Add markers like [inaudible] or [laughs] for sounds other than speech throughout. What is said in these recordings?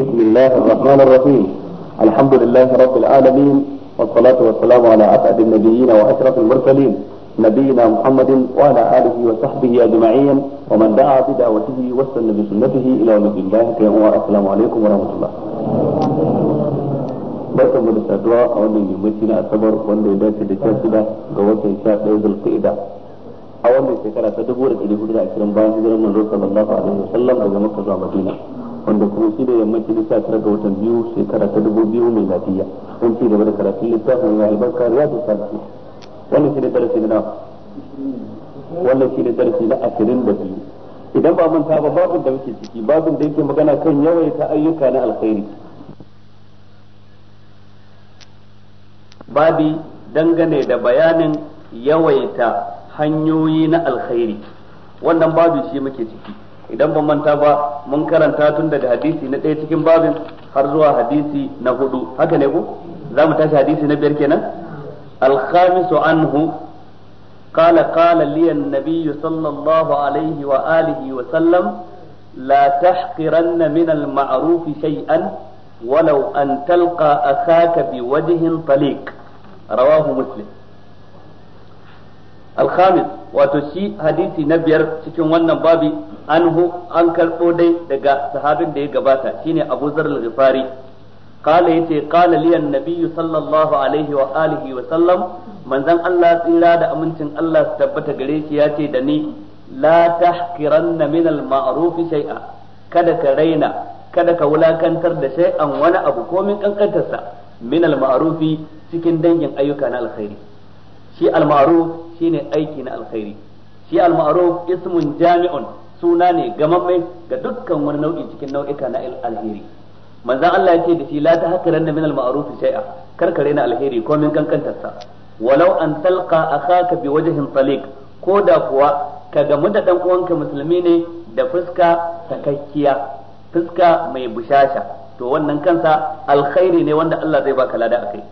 بسم الله الرحمن الرحيم الحمد لله رب العالمين والصلاة والسلام على أسعد النبيين وأشرف المرسلين نبينا محمد وعلى آله وصحبه أجمعين ومن دعا بدعوته واستنى بسنته إلى يوم الدين السلام عليكم ورحمة الله barkan mu da saduwa a wannan yammaci na asabar wanda ya dace da sha shida ga watan sha ɗaya zulqa'ida a wannan shekara ta dubu da ɗari hudu da ashirin bayan hijirar manzo sallallahu alaihi wasallam daga makka zuwa madina wanda kuma shi da yammaci da sha tara ga watan biyu shekara ta dubu biyu mai lafiya don ci gaba da karatun littafin ya albarka ya ta sarki wannan shi ne darasi na wannan shi ne darasi na ashirin da biyu idan ba manta ba babin da muke ciki babin da yake magana kan yawaita ayyuka na alkhairi babi dangane da bayanin yawaita hanyoyi na alkhairi wannan babu shi muke ciki idan ban manta ba mun karanta tun daga hadisi na ɗaya cikin babin har zuwa hadisi na hudu haka ne ko za mu tashi hadisi na biyar kenan alkhamisu anhu قال قال لي النبي صلى الله عليه وآله وسلم لا تحقرن من المعروف شيئا ولو أن تلقى أخاك بوجه طليق رواه مسلم الخامس hadisi na biyar cikin wannan babi anhu an karbo dai daga sahabin da ya gabata shine Abu Zar al-Ghifari yace qala li an-nabiy sallallahu alaihi wa alihi wa sallam manzon Allah tsira da amincin Allah su tabbata gare shi yace da ni la tahqiranna min al-ma'ruf shay'a kada ka raina kada ka wulakantar da an wani abu komin kankantarsa min al cikin dangin ayyuka na alkhairi shi al-ma'ruf shine aiki na alkhairi shi al-ma'ruf ismun jami'un suna ne gamamme ga dukkan wani nau'i cikin nau'ika na alheri manzon Allah ya ce da shi la tahqiranna min al-ma'ruf shay'a karkare na alheri ko min kankantarsa walau an talqa akhaka bi wajhin taliq ko da kuwa ka gamu da dan uwanka musulmi ne da fuska sakakkiya fuska mai bushasha to wannan kansa alkhairi ne wanda Allah zai baka lada akai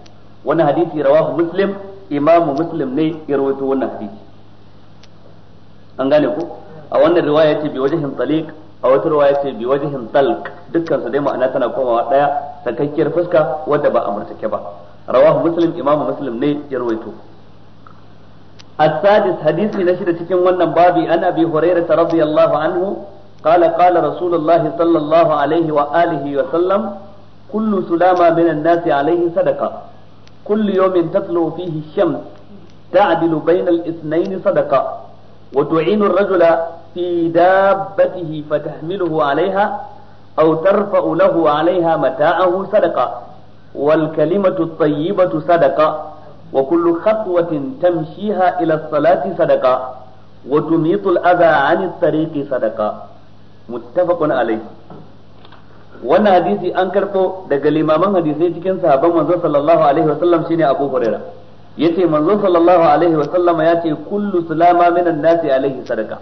wannan hadisi rawahu muslim imamu muslim ne ya rawaito wannan hadisi an gane ku a wannan riwaya ce bi wajhin taliq a wata riwaya ce bi wajhin talq dukkan su dai ma'ana tana komawa daya sakakkiyar fuska wadda ba a murtake ba rawahu muslim imamu muslim ne ya rawaito السادس حديث من شدة كم ونن بابي أن أبي هريرة رضي الله عنه قال قال رسول الله صلى الله عليه وآله وسلم كل سلامة من الناس عليه صدقة كل يوم تتلو فيه الشمس تعدل بين الاثنين صدقة وتعين الرجل في دابته فتحمله عليها أو ترفع له عليها متاعه صدقة والكلمة الطيبة صدقة وكل خطوة تمشيها إلى الصلاة صدقة وتميط الأذى عن الطريق صدقة متفق عليه wannan hadisi an karɓo daga limaman hadisai cikin sahabban manzo sallallahu alaihi wasallam shine Abu Huraira yace manzo sallallahu alaihi wasallam ya ce kullu salama minan nasi alaihi sadaka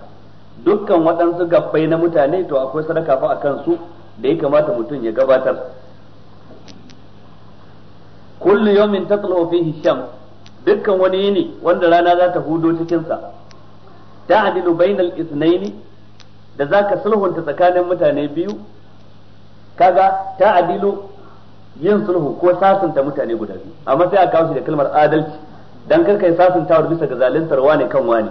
dukkan waɗansu gabbai na mutane to akwai sadaka fa akan su da ya kamata mutum ya gabatar kullu yawmin tatlu fihi shams dukkan wani yini wanda rana za ta hudo cikin sa ta'dilu bainal ithnaini da zaka sulhunta tsakanin mutane biyu kaga ta adilu yin sulhu ko sasanta mutane guda biyu amma sai a kawo shi da kalmar adalci dan kar kai wa bisa ga zaluntar wane kan wane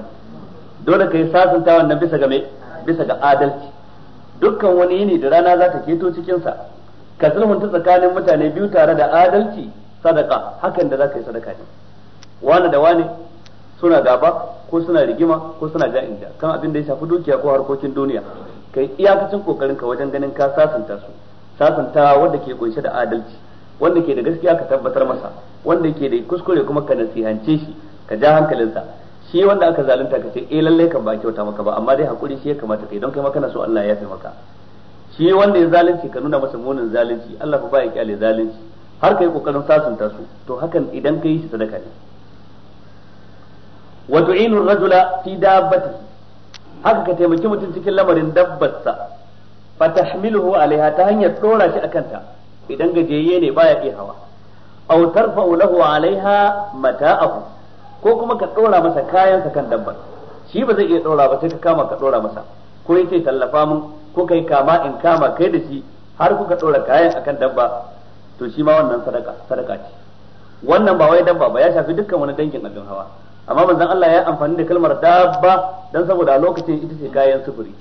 dole kai sasanta nan bisa ga mai bisa ga adalci dukkan wani yini da rana za ta keto cikin sa ka sulhunta tsakanin mutane biyu tare da adalci sadaka hakan da za ka yi sadaka ne wani da wani suna gaba ko suna rigima ko suna ja kan abin da ya shafi dukiya ko harkokin duniya kai iyakacin kokarin ka wajen ganin ka sasanta su sasanta wanda ke kunshe da adalci wanda ke da gaskiya ka tabbatar masa wanda ke da kuskure kuma ka nasihance shi ka ja hankalinsa shi wanda aka zalunta ka ce eh lalle kan ba kyauta maka ba amma dai hakuri shi ya kamata kai don kai ma kana so Allah ya yafe maka shi wanda ya zalunci ka nuna masa munin zalunci Allah fa ba ya kyale zalunci har kai kokarin sasunta su to hakan idan kai shi sadaka ne wa tu'inu rajula fi dabbati haka ka taimaki mutum cikin lamarin dabbarsa fatahmiluhu alaiha ta hanyar tsora shi akanta idan gajiyayye ne baya iya hawa aw tarfa'u lahu alaiha mata'ahu ko kuma ka tsora masa kayan sa kan dabbar shi ba zai iya dora ba sai ka kama ka tsora masa ko yace tallafa mun ko kai kama in kama kai da shi har kuka tsora kayan akan dabba to shi ma wannan sadaka sadaka ce wannan ba wai dabba ba ya shafi dukkan wani dangin abin hawa amma manzon Allah ya amfani da kalmar dabba dan saboda lokacin ita ce kayan sufuri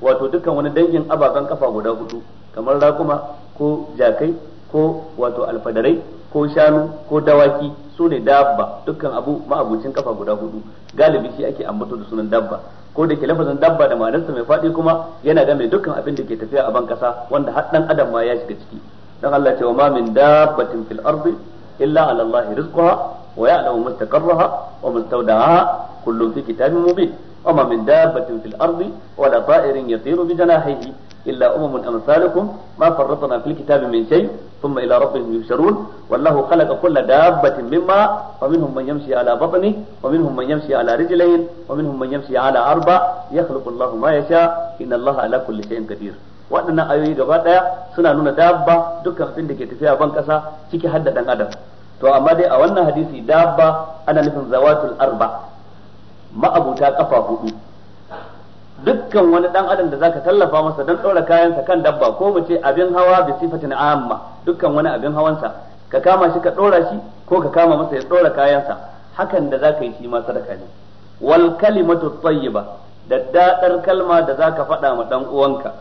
wato dukkan wani dangin ababen kafa guda hudu kamar rakuma ko jakai ko wato alfadarai ko shanu ko dawaki su ne dabba dukkan abu ma'abucin kafa guda hudu galibi shi ake ambato da sunan dabba ko da ke lafazin dabba da ma'anarsa mai faɗi kuma yana game mai dukkan abin da ke tafiya a ban kasa wanda har dan adam ma ya shiga ciki dan Allah ce wa ma min dabbatin fil ardi illa ala Allah rizquha ويعلم مستقرها ومستودعها كل في كتاب مبين وما من دابة في الأرض ولا طائر يطير بجناحيه إلا أمم أمثالكم ما فرطنا في الكتاب من شيء ثم إلى ربهم يحشرون والله خلق كل دابة مما ومنهم من يمشي على بطنه ومنهم من يمشي على رجلين ومنهم من يمشي على أربع يخلق الله ما يشاء إن الله على كل شيء قدير waɗannan ayoyi gaba ɗaya suna nuna dabba dukkan abin da ke tafiya ban ƙasa ciki har da ɗan adam to amma dai a wannan hadisi dabba ana nufin zawatul arba ma'abuta kafa hudu dukkan wani dan adam da zaka tallafa masa dan ɗora kayansa kan dabba ko mu ce abin hawa bi sifatin amma dukkan wani abin hawan sa ka kama shi ka ɗora shi ko ka kama masa ya ɗora sa hakan da zaka yi shi ma sadaka ne wal kalimatu tayyiba da dadar kalma da zaka faɗa ma dan uwanka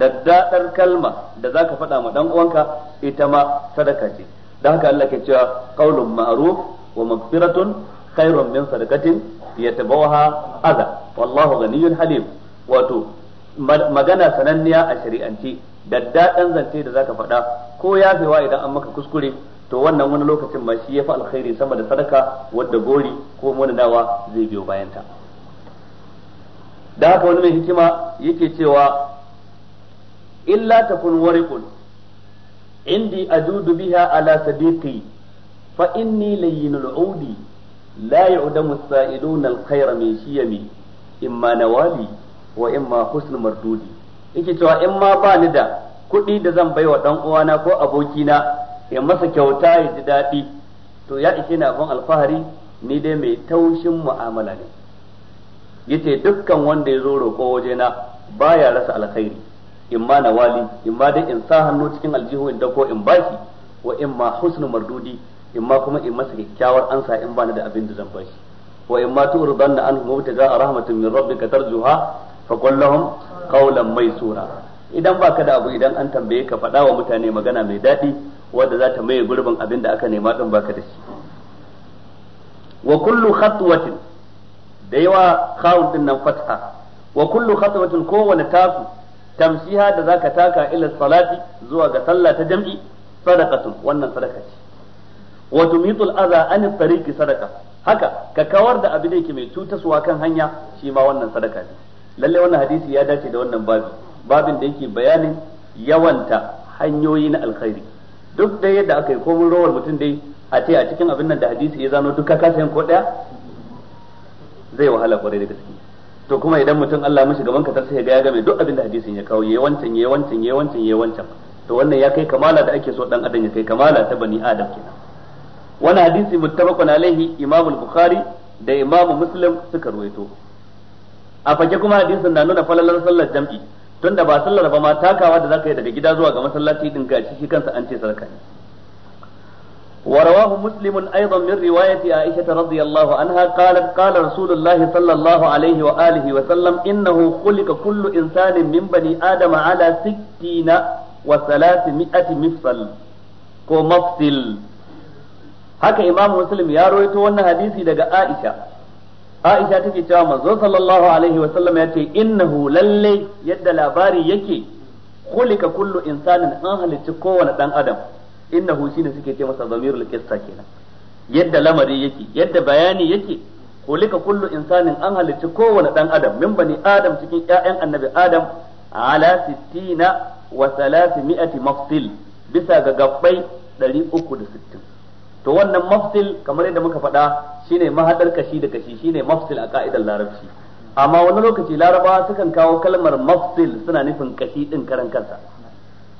da dadar kalma da zaka faɗa ma dan uwanka ita ma sadaka ce dan haka Allah ke cewa qaulun ma'ruf wa magfiratun khairun min sadaqatin yatabawaha adha wallahu ghaniyyun halim wato magana sananniya a da daddaɗan zance da zaka faɗa ko yafewa idan an maka kuskure to wannan wani lokacin ma shi ya fi alkhairi sama da sadaka wadda gori ko wani dawa zai biyo bayanta da haka wani mai hikima yake cewa illa takun wariqun indi ajudu biha ala sadiqi fa inni layyinul udi la yu'damu as-sa'iluna min shiyami imma nawali wa imma mardudi yake cewa in ma ba ni da kuɗi da zan baiwa dan uwana ko abokina ya masa kyauta ya ji daɗi to ya ishe na abin alfahari ni dai mai taushin mu'amala ne yace dukkan wanda ya zo roƙo wajena baya rasa alkhairi in ma nawali in ma dai in sa hannu cikin aljihun da ko in bashi wa in ma husnu mardudi in ma kuma in masa kyakkyawar ansa in bani da abin da zan bashi wa in ma tu'ridanna anhu mubtaga rahmatun min rabbika tarjuha fa qul lahum qawlan maysura idan baka da abu idan an tambaye ka faɗa wa mutane magana mai dadi wadda za ta maye gurbin abin da aka nema din baka da shi wa kullu khatwatin da yawa khawun din nan fatha wa kullu khatwatin kowane tasu tamshiha da zaka taka ila salati zuwa ga sallah ta jam'i sadaqatun wannan sadaka ce wa tumitul adha an tariq sadaqa haka ka kawar da abin da yake mai cutaswa kan hanya shi ma wannan sadaka ne lalle wannan hadisi ya dace da wannan babi babin da yake bayanin yawanta hanyoyi na alkhairi duk da yadda aka yi komin rawar mutum dai a ce a cikin abin nan da hadisi ya zano duka ka kasa ko daya zai wahala kwarai da gaske to kuma idan mutum Allah mashi gaban ka sai ya ga game duk abin da hadisin ya kawo yayi wancan yayi wancan to wannan ya kai kamala da ake so dan adam ya kai kamala ta bani adam kenan wannan hadisi muttafaqun alaihi imamu al-Bukhari da imamu Muslim suka ruwaito a fage kuma hadisin na nuna falalar sallar jam'i tunda ba sallar ba ma takawa da zaka yi daga gida zuwa ga masallaci din gashi shi kansa an ce sarka ne ورواه مسلم أيضا من رواية عائشة رضي الله عنها قالت قال رسول الله صلى الله عليه وآله وسلم إنه خلق كل إنسان من بني آدم على ستين وثلاثمائة مفصل ومفصل haka imamu muslim ya rawaito wannan hadisi daga aisha aisha take cewa manzo sallallahu alaihi wa sallam ya ce innahu lalle yadda labari yake kulika kullu insanin an halicci kowane dan adam innahu shine suke ce masa zamirul qissa kenan yadda lamari yake yadda bayani yake kulika kullu insanin an halicci kowane dan adam min bani adam cikin ƴaƴan annabi adam ala 60 wa 300 mafsil bisa ga gabbai 360 to wannan mafsil kamar yadda muka faɗa shine mahadar kashi da kashi shine mafsil a ka'idar larabci amma wani lokaci larabawa sukan kawo kalmar mafsil suna nufin kashi din karan kansa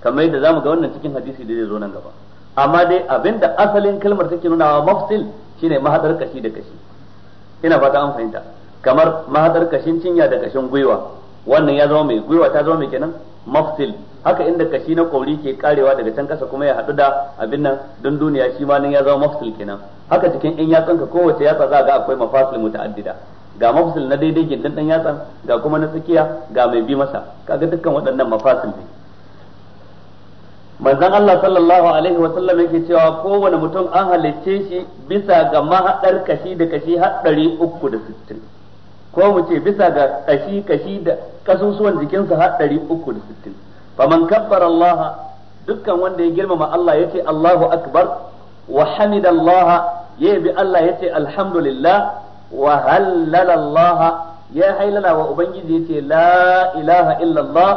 kamar yadda zamu ga wannan cikin hadisi da zai zo nan gaba amma dai abinda asalin kalmar take nuna wa mafsil shine mahadar kashi da kashi ina fata an fahimta kamar mahadar kashin cinya da kashin gwiwa wannan ya zama mai gwiwa ta zama mai kenan mafsil haka inda kashi na kauri ke karewa daga can kasa kuma ya haɗu da abin nan don duniya shi ma nan ya zama mafsil kenan haka cikin in ka kowace yatsa za ga akwai mafasil muta'addida ga mafsil na daidai gindin dan yatsan ga kuma na tsakiya ga mai bi masa kaga dukkan waɗannan mafasil ne manzon Allah sallallahu alaihi wa sallam yake cewa kowane mutum an halicce shi bisa ga mahadar kashi da kashi har 360 ko mu ce bisa ga kashi kashi da kasusuwan jikinsa har 360 man kabbara Allah dukkan wanda ya girmama Allah yace Allahu akbar wa hamida Allah yabi Allah yace alhamdulillah wa hallala Allah ya hailala wa ubangiji yace la ilaha illallah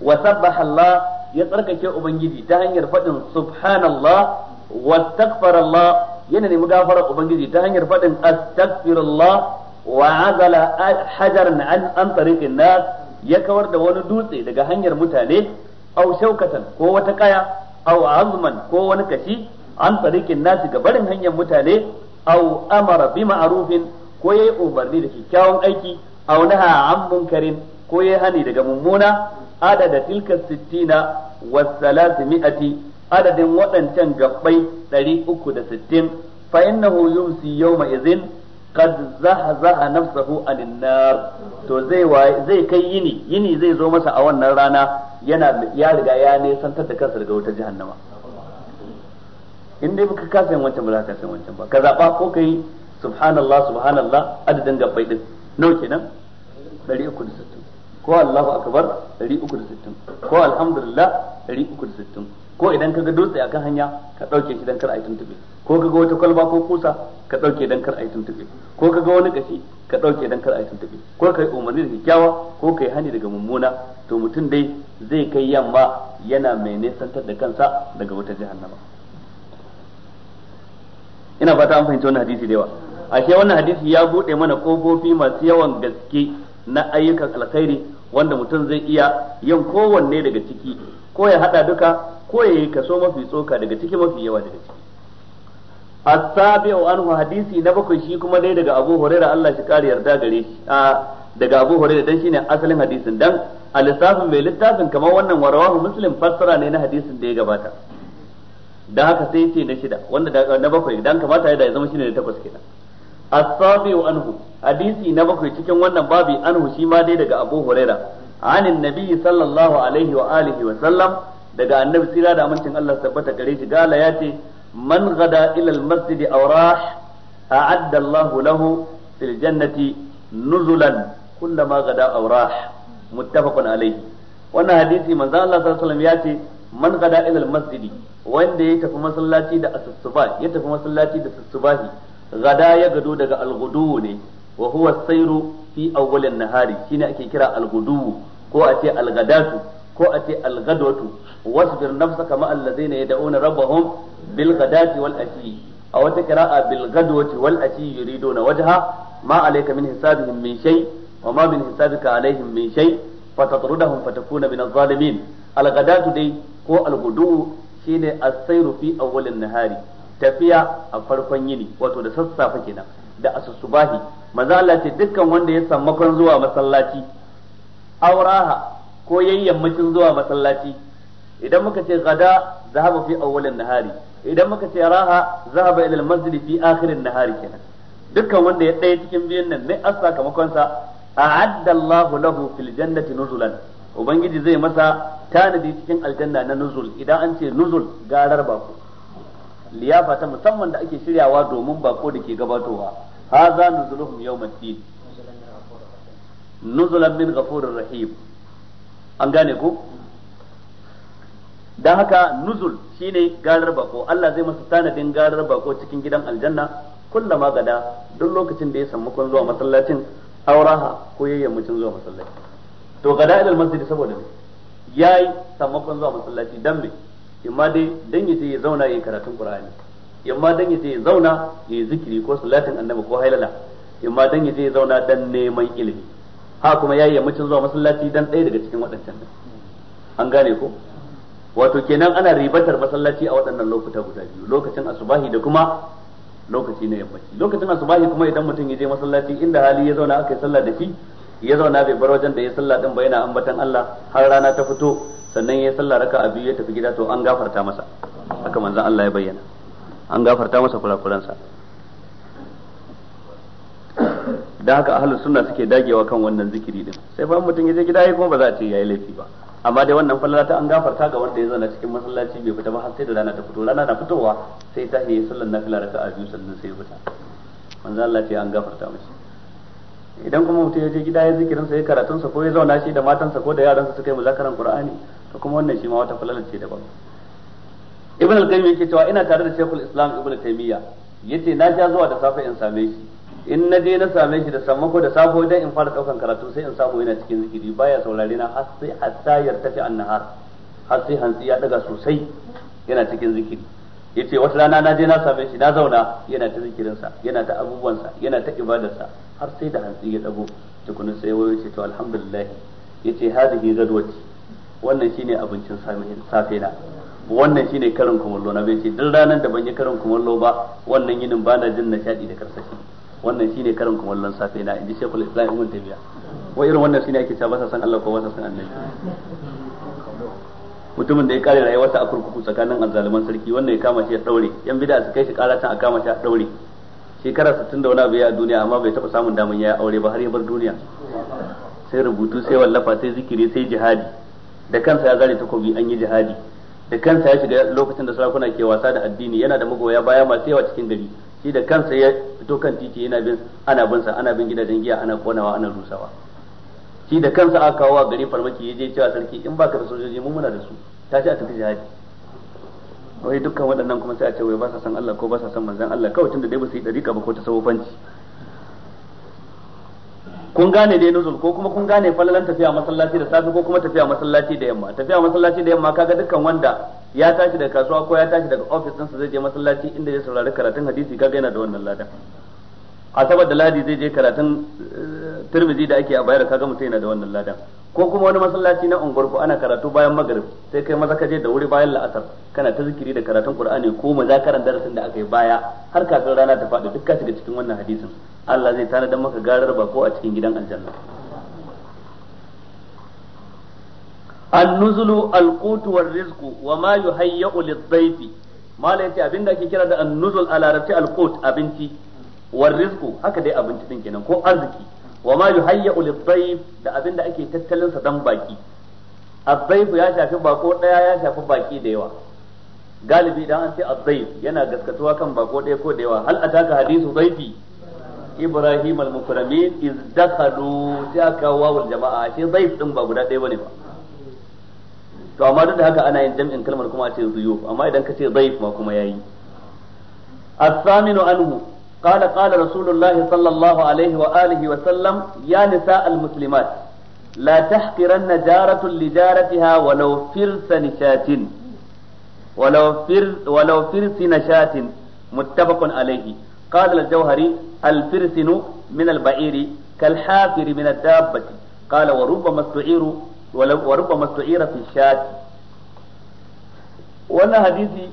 wa sabbaha Allah ya tsarkake ubangiji ta hanyar faɗin subhanallah wastaghfirullah yana nemi gafarar ubangiji ta hanyar faɗin astaghfirullah wa azala hajaran an an tariqin nas ya kawar da wani dutse daga hanyar mutane au shaukatan ko wata kaya au azman ko wani kashi an tariqin nas ga barin hanyar mutane au amara bi ma'rufin ko yayi umarni da kyakkyawan aiki au naha an munkarin ko yayi hani daga mummuna adada tilka sittina wa salasmi'ati adadin waɗancan gabbai ɗari uku da sittin fa innahu yumsi yawma idhin qad zahzaha nafsahu anin nar to zai zai kai yini yini zai zo masa a wannan rana yana ya riga ya ne santar da kansa daga wata jahannama in baka kasa yin wancan ba za ka kasa yin wancan ba ka zaba ko kai subhanallah subhanallah adadin gabbai din nau kenan 360 ko Allahu akbar 360 ko alhamdulillah 360 ko idan kaga dutse akan hanya ka dauke shi dan kar a tuntube ko kaga wata kwalba ko kusa ka dauke dan kar a tuntube ko kaga wani kashi ka dauke dan kar a tuntube ko kai umarni da kyakkyawa ko kai hani daga mummuna to mutum dai zai kai yamma yana mai nesantar da kansa daga wata jahannama ina fata an fahimci wannan hadisi da yawa ashe wannan hadisi ya bude mana kofofi masu yawan gaske na ayyukan alkhairi wanda mutum zai iya yin kowanne daga ciki ko ya hada duka ko ya yi kaso mafi tsoka daga ciki mafi yawa daga ciki asabi wa anhu hadisi na bakwai shi kuma dai daga Abu Hurairah Allah shi kare yarda gare shi a daga Abu Hurairah dan shine asalin hadisin dan al-lissafin mai littafin kamar wannan warawahu muslim fassara ne na hadisin da ya gabata da haka sai ce na shida wanda na bakwai dan kamata ya da ya zama shine na takwas kenan as-sabi'u anhu hadisi na bakwai cikin wannan babi anhu shi ma dai daga Abu Huraira anin nabiyyi sallallahu alaihi wa alihi wa sallam daga annabi sira da amincin Allah tabbata gare shi gala ya ce man gada ila al-masjid aw rah a'adda Allah lahu fil jannati gada aw rah muttafaqun alaihi wannan hadisi manzo Allah sallallahu alaihi ya ce man gada ila al wanda ya tafi masallaci da ya tafi masallaci da sussubahi gada ya gado daga algudu ne wa huwa sairu fi awwalin nahari shine ake kira algudu ko a ce algadatu ko a ce algadwatu wasbir nafsaka ma allazina yad'una rabbahum bil ghadati wal ashi a wata qira'a bil ghadwati wal ashi yuriduna wajha ma alayka min hisabihim min shay wa ma min hisabika alaihim min shay fatatrudahum fatakuna min adh-dhalimin al'gadatu dai ko algudu shine as-sayru fi awwalin nahari tafiya a farkon yini wato da sassafe kenan da asusubahi manzo Allah ce dukkan wanda ya sammakon zuwa masallaci auraha ko yayyammacin zuwa masallaci idan muka ce gada zahaba fi awwalin nahari idan muka ce raha zahaba ila al fi akhirin nahari kenan dukkan wanda ya daya cikin biyun nan ne as sakamakon sa a'adda Allahu lahu fil jannati nuzulan ubangiji zai masa tanadi cikin aljanna na nuzul idan an ce nuzul garar bako liyafa ta musamman da ake shiryawa domin bako da ke gabatowa haza nuzuluhum yawmaddin nuzulan min ghafurir rahim an gane ko dan haka nuzul shine garar bako Allah zai masa tanadin garar bako cikin gidan aljanna kullama gada duk lokacin da ya samu kun zuwa masallacin auraha ko yayyan mutun zuwa masallaci to gada ilal masjid saboda me yayi samakon zuwa masallaci dan me imma dai dan ya je ya zauna yayin karatun Qur'ani imma dan ya je ya zauna yayi zikiri ko salatin annabi ko hailala imma dan ya je ya zauna dan neman ilimi ha kuma yayi yammacin zuwa masallaci dan ɗaya daga cikin waɗancan an gane ko wato kenan ana ribatar masallaci a waɗannan lokuta guda biyu lokacin asubahi da kuma lokaci na yammaci lokacin asubahi kuma idan mutum ya je masallaci inda hali ya zauna aka yi sallah da shi ya zauna bai bar wajen da ya sallah din ba yana ambatan Allah har rana ta fito sannan ya sallah raka a biyu ya tafi gida to an gafarta masa haka manzon Allah ya bayyana an gafarta masa kurakuransa da haka ahlus sunna suke dagewa kan wannan zikiri din sai fa mutum ya je gida yayi kuma ba za a ce yayi laifi ba amma dai wannan falala ta an gafarta ga wanda ya zauna cikin masallaci bai fita ba har sai da rana ta fito rana na fitowa sai ta yi sallan nafila raka'a biyu sannan sai ya fita manzo Allah ce an gafarta masa. idan kuma mutum ya je gida ya zikirin sa ya karatun sa ko ya zauna shi da matansa ko da yaran yaransa suka yi muzakaran qur'ani to kuma wannan shi ma wata falala ce daban ibn al-qayyim yake cewa ina tare da shaykhul islam ibn taymiya yace na ja zuwa da safe in same shi in na je na same shi da sammako da safo dan in fara daukan karatu sai in samu yana cikin zikiri baya saurare na har sai hatta yartafi annahar har sai hantsi ya daga sosai yana cikin zikiri yace wata rana na je na same shi na zauna yana ta zikirinsa yana ta abubuwansa yana ta ibadarsa har sai da hantsi ya dago tukunu sai wayo ce to alhamdulillah yace hadhihi gadwati wannan shine abincin safe na wannan shine karin kumallo na bai ce duk ranar da ban yi karin kumallo ba wannan yinin ba na jin nishadi da karsashi wannan shine karin kumallon safe na inji shekul islam ibn tabiya wa irin wannan shine ake cewa ba sa san Allah ko ba sa san annabi mutumin da ya kare rayuwarsa a kurkuku tsakanin azzaluman sarki wannan ya kama shi ya daure yan bid'a su kai shi karatan a kama shi ya daure shekara 60 da wani abu ya duniya amma bai taba samun daman ya aure ba har ya bar duniya sai rubutu sai wallafa sai zikiri sai jihadi da kansa ya zare takobi an yi jihadi da kansa ya shiga lokacin da sarakuna ke wasa da addini yana da magoya baya masu yawa cikin gari shi da kansa ya fito kan titi yana bin ana bin sa ana bin gidajen giya ana konawa ana rusawa shi da kansa aka kawo a gari farmaki ya je cewa sarki in baka da sojoji mu muna da su ta ce a tafi jihadi wai dukkan waɗannan kuma sai a ce wai ba sa san Allah ko ba sa san manzon Allah kawai tunda dai ba su yi dariƙa ba ko ta fanci. kun gane dai nuzul ko kuma kun gane falalan tafiya masallaci da safe ko kuma tafiya masallaci da yamma tafiya masallaci da yamma kaga dukkan wanda ya tashi daga kasuwa ko ya tashi daga office ɗinsa zai je masallaci inda ya saurari karatun hadisi kaga yana da wannan ladan asabar da ladi zai je karatun eh, turmizi da ake a bayar kaga mutum yana da wannan ladan ko kuma wani masallaci na unguwar ku ana karatu bayan magrib sai kai maza ka je da wuri bayan la'asar kana ta zikiri da karatun qur'ani ko karanta darasin da aka yi baya har kafin rana ta faɗi duk ka shiga cikin wannan hadisin Allah zai tanadar maka garar ko a cikin gidan aljanna nuzulu alqutu warrizqu wama yuhayyu lidhayfi mala yace abinda ake kira da annuzul a larabci alqut abinci war rizqu haka dai abinci din kenan ko arziki wa ma yuhayyu lidhayf da abinda ake tattalin sa dan baki azzayf ya shafi bako daya ya shafi baki da yawa galibi idan an ce azzayf yana gaskatuwa kan bako daya ko da yawa hal ataka hadithu zaifi ibrahim al-mukramin iz dakhalu sai aka wawul jama'a ashe zaif din ba guda daya bane ba to amma duk da haka ana yin jam'in kalmar kuma a ce zuyuf amma idan ka ce dhayf ma kuma yayi الثامن anhu. قال قال رسول الله صلى الله عليه وآله وسلم يا نساء المسلمات لا تحقرن جارة لجارتها ولو فرس نشات ولو فر ولو فرس نشات متفق عليه قال الجوهري الفرسن من البعير كالحافر من الدابة قال وربما استعير وربما استعير في الشاة wannan hadisi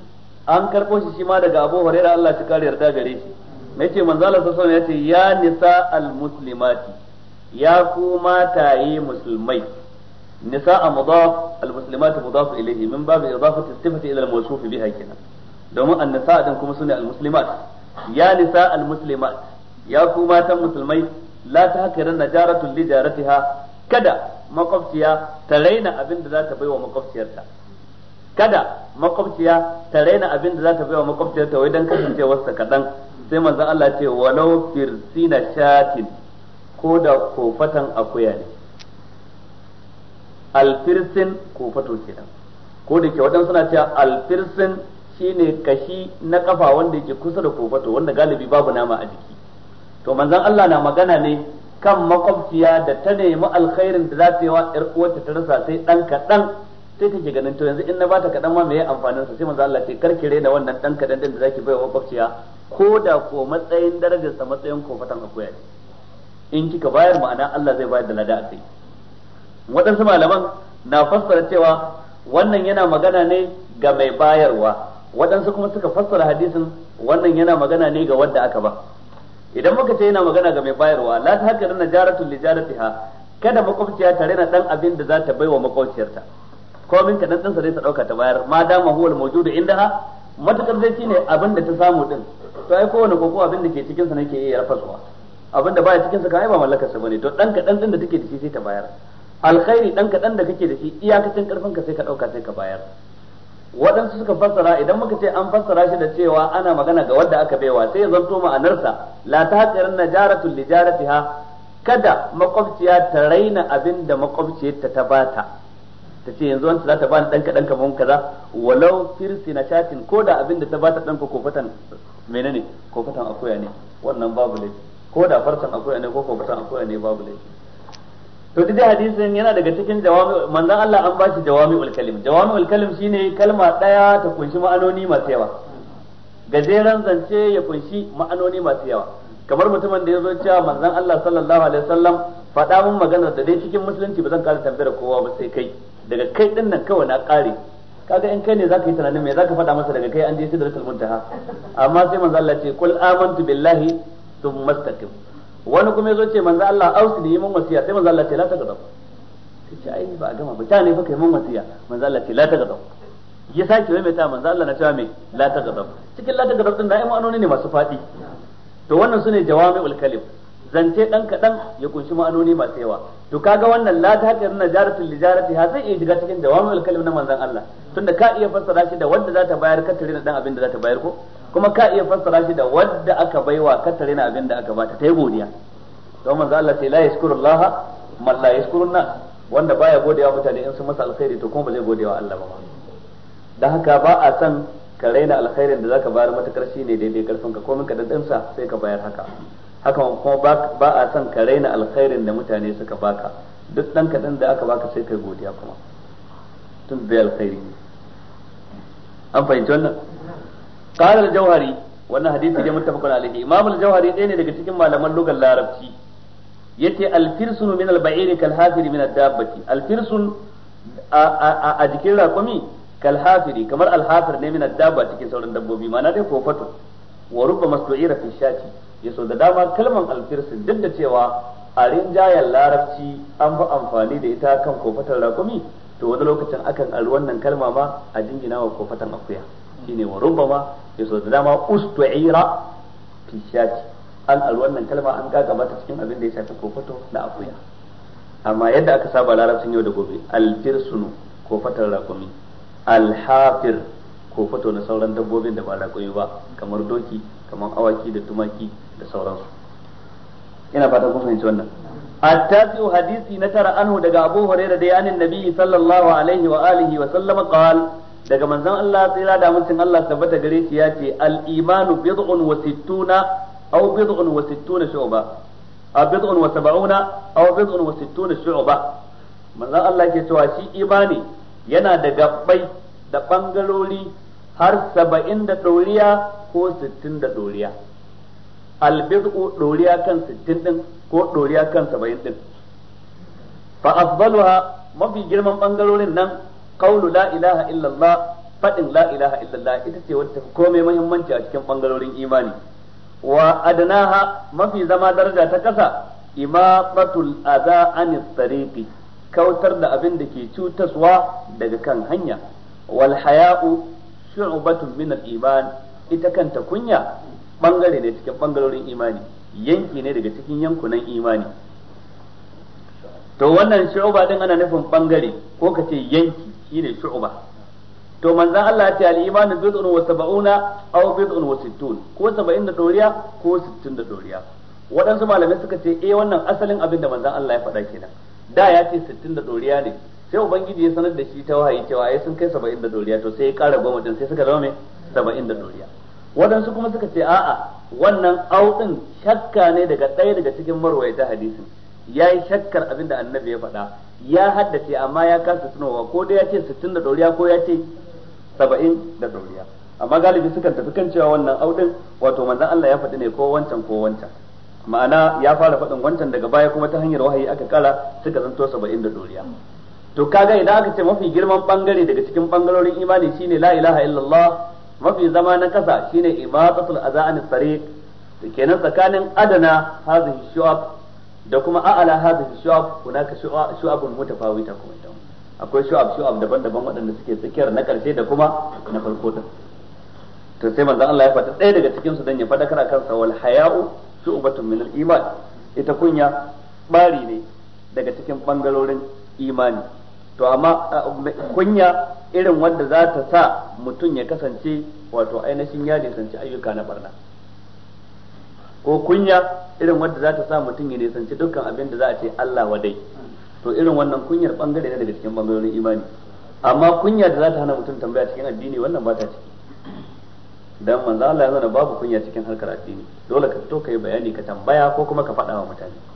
an karɓo shi shi ma daga abu hurairah Allah shi kare yarda gare shi nace manzo Allah sallallahu alaihi wasallam ya ce ya nisa almuslimati ya ku mataye musulmai nisa mudaf almuslimatu mudaf ilayhi min babu idafati sifati ila almawsuf biha kenan domin annisa din kuma sune almuslimat ya nisa almuslimat ya ku matan musulmai la ta hakarin najaratun li jaratiha kada makwabciya ta raina abin da za ta baiwa makwabciyarta kada makwabciya ta raina abin da za ta baiwa makwabciyarta wai dan kasancewarsa kadan sai manzon Allah ce walau firsina shatin ko da kofatan akuya ne Al-firsin kofato kenan ko da ke waɗansu suna cewa alfirsin shine kashi na kafa wanda yake kusa da kofato wanda galibi babu nama a jiki to manzon Allah na magana ne kan makwabciya da ta nemi alkhairin da za ta yi wa ƴar uwarta ta rasa sai dan kaɗan sai take ganin to yanzu in na bata kaɗan ma me ya amfanin sa sai maza Allah ce ki rena wannan ɗan kaɗan din da ki bai wa makwabciya ko da ko matsayin darajarsa matsayin kofatan akuya ne in kika bayar ma'ana Allah zai bayar da lada a kai waɗansu malaman na fassara cewa wannan yana magana ne ga mai bayarwa waɗansu kuma suka fassara hadisin wannan yana magana ne ga wanda aka ba idan muka ce yana magana ga mai bayarwa la ta haka na jaratun li jaratiha kada makwabciya ta na ɗan abin da za ta baiwa makwabciyarta ko min ka dan dan sa ta dauka ta bayar ma dama huwa mawjudu indaha matakar dai shine abin da ta samu din to ai kowane koko abin da ke cikin sa nake ya rafasuwa abin da baya cikin sa kai ba mallakar sa bane to dan kadan din da take da shi sai ta bayar alkhairi dan kadan da kake da shi iyakacin karfin ka sai ka dauka sai ka bayar waɗansu suka fassara idan muka ce an fassara shi da cewa ana magana ga wanda aka baiwa sai ya zanto ma'anarsa la ta haƙirin na jaratun kada makwabciya ta raina abin da makwabciyarta ta bata ta ce yanzu wanda za ta bani dan kaɗan kamar kaza walau firsi na shatin ko da abin da ta ba ta ɗan ko kofatan menene kofatan akuya ne wannan babu laifi ko da farcen akuya ne ko kofatan akuya ne babu laifi to duk hadisin yana daga cikin jawami manzon Allah an bashi ul kalim ul kalim shine kalma daya ta kunshi ma'anoni masu yawa gajeren zance ya kunshi ma'anoni masu yawa kamar mutumin da ya zo cewa manzon Allah sallallahu alaihi wasallam faɗa mun maganar da dai cikin musulunci ba zan kara tambayar kowa ba sai kai daga kai din nan kawai na kare kaga in kai ne zaka yi tunanin me zaka faɗa masa daga kai an je sidratul muntaha amma sai manzo Allah ce kul amantu billahi thumma istaqim wani kuma yazo ce manzo Allah ausi yi mun wasiya sai manzo Allah ce la tagadab sai ce ai ba a gama ba ne fa kai mun wasiya manzo Allah ce la tagadab ya sake wai mai ta manzo Allah na cewa me la tagadab cikin la tagadab din da ai ma'anoni ne masu faɗi to wannan sune jawami'ul kalim zance dan kadan ya kunshi ma'anoni masu yawa to kaga wannan la ta ta na jaratul lijarati ha zai iya shiga cikin jawamul kalim na manzon Allah tunda ka iya fassara shi da wanda za ta bayar ka tare na dan abin da za ta bayar ko kuma ka iya fassara shi da wanda aka baiwa ka tare na abin da aka bata ta yi godiya to manzon Allah sai la yashkurullaha man la yashkurunna wanda baya godewa mutane in sun masa alkhairi to kuma ba zai godewa Allah ba dan haka ba a san ka raina alkhairin da zaka bayar matakar shine daidai karfin ka min ka dadinsa sai ka bayar haka haka kuma ba a son ka raina alkhairin da mutane suka baka duk dan kadan da aka baka sai kai godiya kuma tun bai alkhairi an fahimci wannan qala al-jawhari wannan hadisi da muttafaqun alaihi imam al-jawhari ɗaya ne daga cikin malaman lugar larabci yace al-firsun min al-ba'ir kal hafiri min ad-dabbati al-firsun a jikin raƙumi kal hafiri kamar al-hafir ne min ad-dabba cikin sauran dabbobi ma'ana dai kofato wa rubba mastu'ira fi shati ya so da dama kalman alfirsin duk da cewa a rinjayen larabci an fi amfani da ita kan kofatar rakumi to wani lokacin akan a wannan kalma ma a jingina wa kofatan akuya shine wa rubbama ya so da dama ustu'ira fi shati an ari wannan kalma an gaga mata cikin abin da ya shafi kofato na akuya amma yadda aka saba larabcin yau da gobe alfirsunu kofatar rakumi alhafir kofato na sauran dabbobin da ba rakumi ba kamar doki kamar awaki da tumaki da sauransu ina fata kun fahimci wannan التاسع حديث نتر عنه دقى أبو هريرة عن Sallallahu alaihi wa alihi wa وسلم قال daga manzon Allah tsira da mutum Allah tabbata gare shi ya ce al-imanu bid'un wa sittuna aw bid'un wa sittuna shu'ba aw bid'un wa sab'una aw bid'un wa sittuna shu'ba manzon Allah ke cewa shi imani yana da gabbai da bangarori har 70 da doriya ko 60 da doriya albid'u doriya kan 60 din ko doriya kan 70 din fa afdaluha mafi girman bangarorin nan qaulu la ilaha illallah fadin la ilaha illallah ita ce wata komai muhimmanci a cikin bangarorin imani wa adnaha mafi zama daraja ta kasa imatatul adha anis tariqi kautar da abin da ke cutaswa daga kan hanya wal haya'u shu'batun min al iman ita kanta kunya bangare ne cikin bangarorin imani yanki ne daga cikin yankunan imani to wannan shu'uba din ana nufin bangare ko ka ce yanki ne shu'uba to manzon Allah ya ce al-imanu bid'un wa sab'una aw bid'un wa sittun ko 70 da doriya ko 60 da doriya waɗansu malamai suka ce eh wannan asalin abin da manzon Allah ya faɗa kenan da ya ce 60 da doriya ne sai ubangiji ya sanar da shi ta wahayi cewa ai sun kai 70 da doriya to sai ya ƙara goma din sai suka zama me 70 da doriya Wadansu kuma suka ce a'a wannan auɗin shakka ne daga ɗaya daga cikin marwayata hadisin ya yi shakkar abin da annabi ya faɗa ya haddace amma ya kasa tunowa ko dai ya ce sittin da ɗoriya ko ya ce saba'in da ɗoriya amma galibi suka tafi kan cewa wannan auɗin wato manzon Allah ya faɗi ne ko wancan ko wancan ma'ana ya fara faɗin wancan daga baya kuma ta hanyar wahayi aka kara suka zanto saba'in da ɗoriya to kaga idan aka ce mafi girman bangare daga cikin bangarorin imani shine la ilaha illallah mafi zama na kasa shine ibatatul azan sariq to kenan tsakanin adana hadhihi shu'ab da kuma a'ala hadhihi shu'ab hunaka shu'abun mutafawita kuma ita akwai shu'ab shu'ab daban-daban waɗanda suke tsakiyar na karshe da kuma na farko din to sai manzon Allah ya fata ɗaya daga cikin su dan ya fada kana kansa wal haya'u shu'batun min al-iman ita kunya bari ne daga cikin bangalorin imani to amma kunya irin wanda za ta sa mutum ya kasance wato ainihin ya nisanci ayyuka na barna ko kunya irin wanda za ta sa mutum ya nisanci dukkan abin da za a ce Allah wadai to irin wannan kunyar bangare ne daga cikin bangarorin imani amma kunya da za ta hana mutum tambaya cikin addini wannan ba ta ciki dan manzo Allah ya zauna babu kunya cikin harkar addini dole ka fito kai bayani ka tambaya ko kuma ka faɗa wa mutane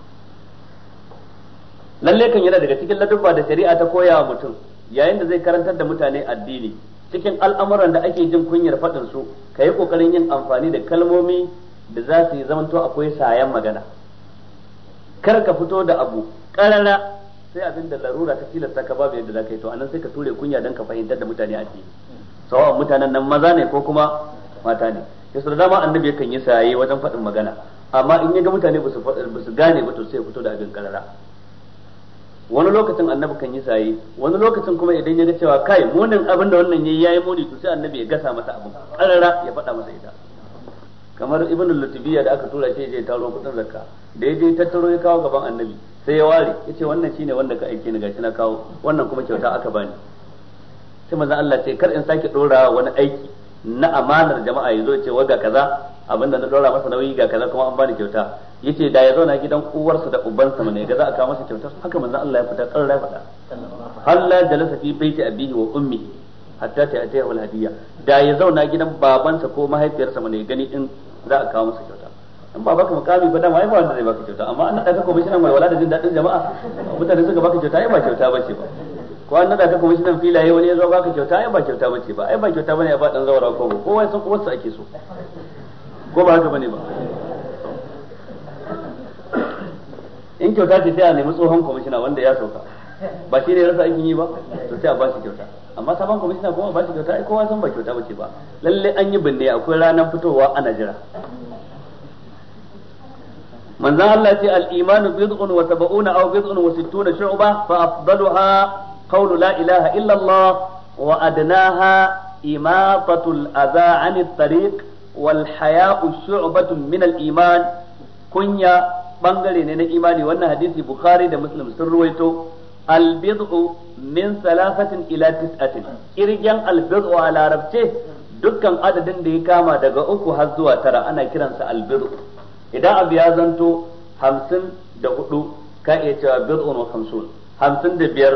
lalle kan yana daga cikin ladubba da shari'a ta koya wa mutum yayin da zai karantar da mutane addini cikin al'amuran da ake jin kunyar faɗin su ka yi ƙoƙarin yin amfani da kalmomi da za su yi zamanto akwai sayan magana kar ka fito da abu ƙarara sai abin da larura ta tilasta ka babu yadda za ka yi to anan sai ka ture kunya don ka fahimtar da mutane addini sawa mutanen nan maza ne ko kuma mata ne yasa da dama annabi kan yi saye wajen faɗin magana amma in ya ga mutane ba su gane ba to sai ya fito da abin ƙarara wani lokacin annabi kan yi saye wani lokacin kuma idan ya ga cewa kai munin abin da wannan yayi yayi muni to sai annabi ya gasa masa abin karara ya faɗa masa ita kamar ibn lutubiyya da aka tura shi je taro kudin zakka da yaje tattaro ya kawo gaban annabi sai ya ware yace wannan shine wanda ka aike ni gashi na kawo wannan kuma kyauta aka bani sai manzo Allah ce kar in sake dora wani aiki na amanar jama'a yazo ce waga kaza abinda na dora masa nauyi ga kaza kuma an bani kyauta yace da ya zauna gidan uwarsa da ubansa ne ga za a kawo masa kyautar haka manzo Allah ya fita kan rai fada halla jalasa fi baiti abihi wa ummi hatta ta ta wal hadiya da ya zauna gidan babansa ko mahaifiyarsa ne gani in za a kawo masa kyauta in ba baka mukami ba dama ai ba wanda zai baka kyauta amma an da ka mai wala da jin dadin jama'a mutane suka baka kyauta ai ba kyauta bace ba ko an nada ka kwamishinan filaye wani ya zo baka kyauta ai ba kyauta bace ba ai ba kyauta bane ya ba dan zawara ko kowa sun kowa ake so ko ba haka bane ba in kyauta ce sai a nemi tsohon kwamishina wanda ya sauka ba shi ne rasa aikin yi ba to sai a ba shi kyauta amma sabon kwamishina kuma ba shi kyauta ai kowa san ba kyauta ba ce ba lalle an yi binne akwai ranar fitowa ana jira manzon Allah ce al-imanu bid'un wa sab'una aw bid'un wa sittuna shu'ba fa afdaluha qawlu la ilaha illa Allah wa adnaha imatatul adha 'anil tariq wal haya'u shu'batun min al-iman kunya bangare ne na imani wannan hadisi bukhari da muslim sun ruwaito albid'u min salasatin ila tis'atin kirgen albid'u a larabce dukkan adadin da ya kama daga uku har zuwa tara ana kiransa albid'u idan abu ya zanto hamsin da hudu ka iya cewa bid'un wa hamsin hamsin da biyar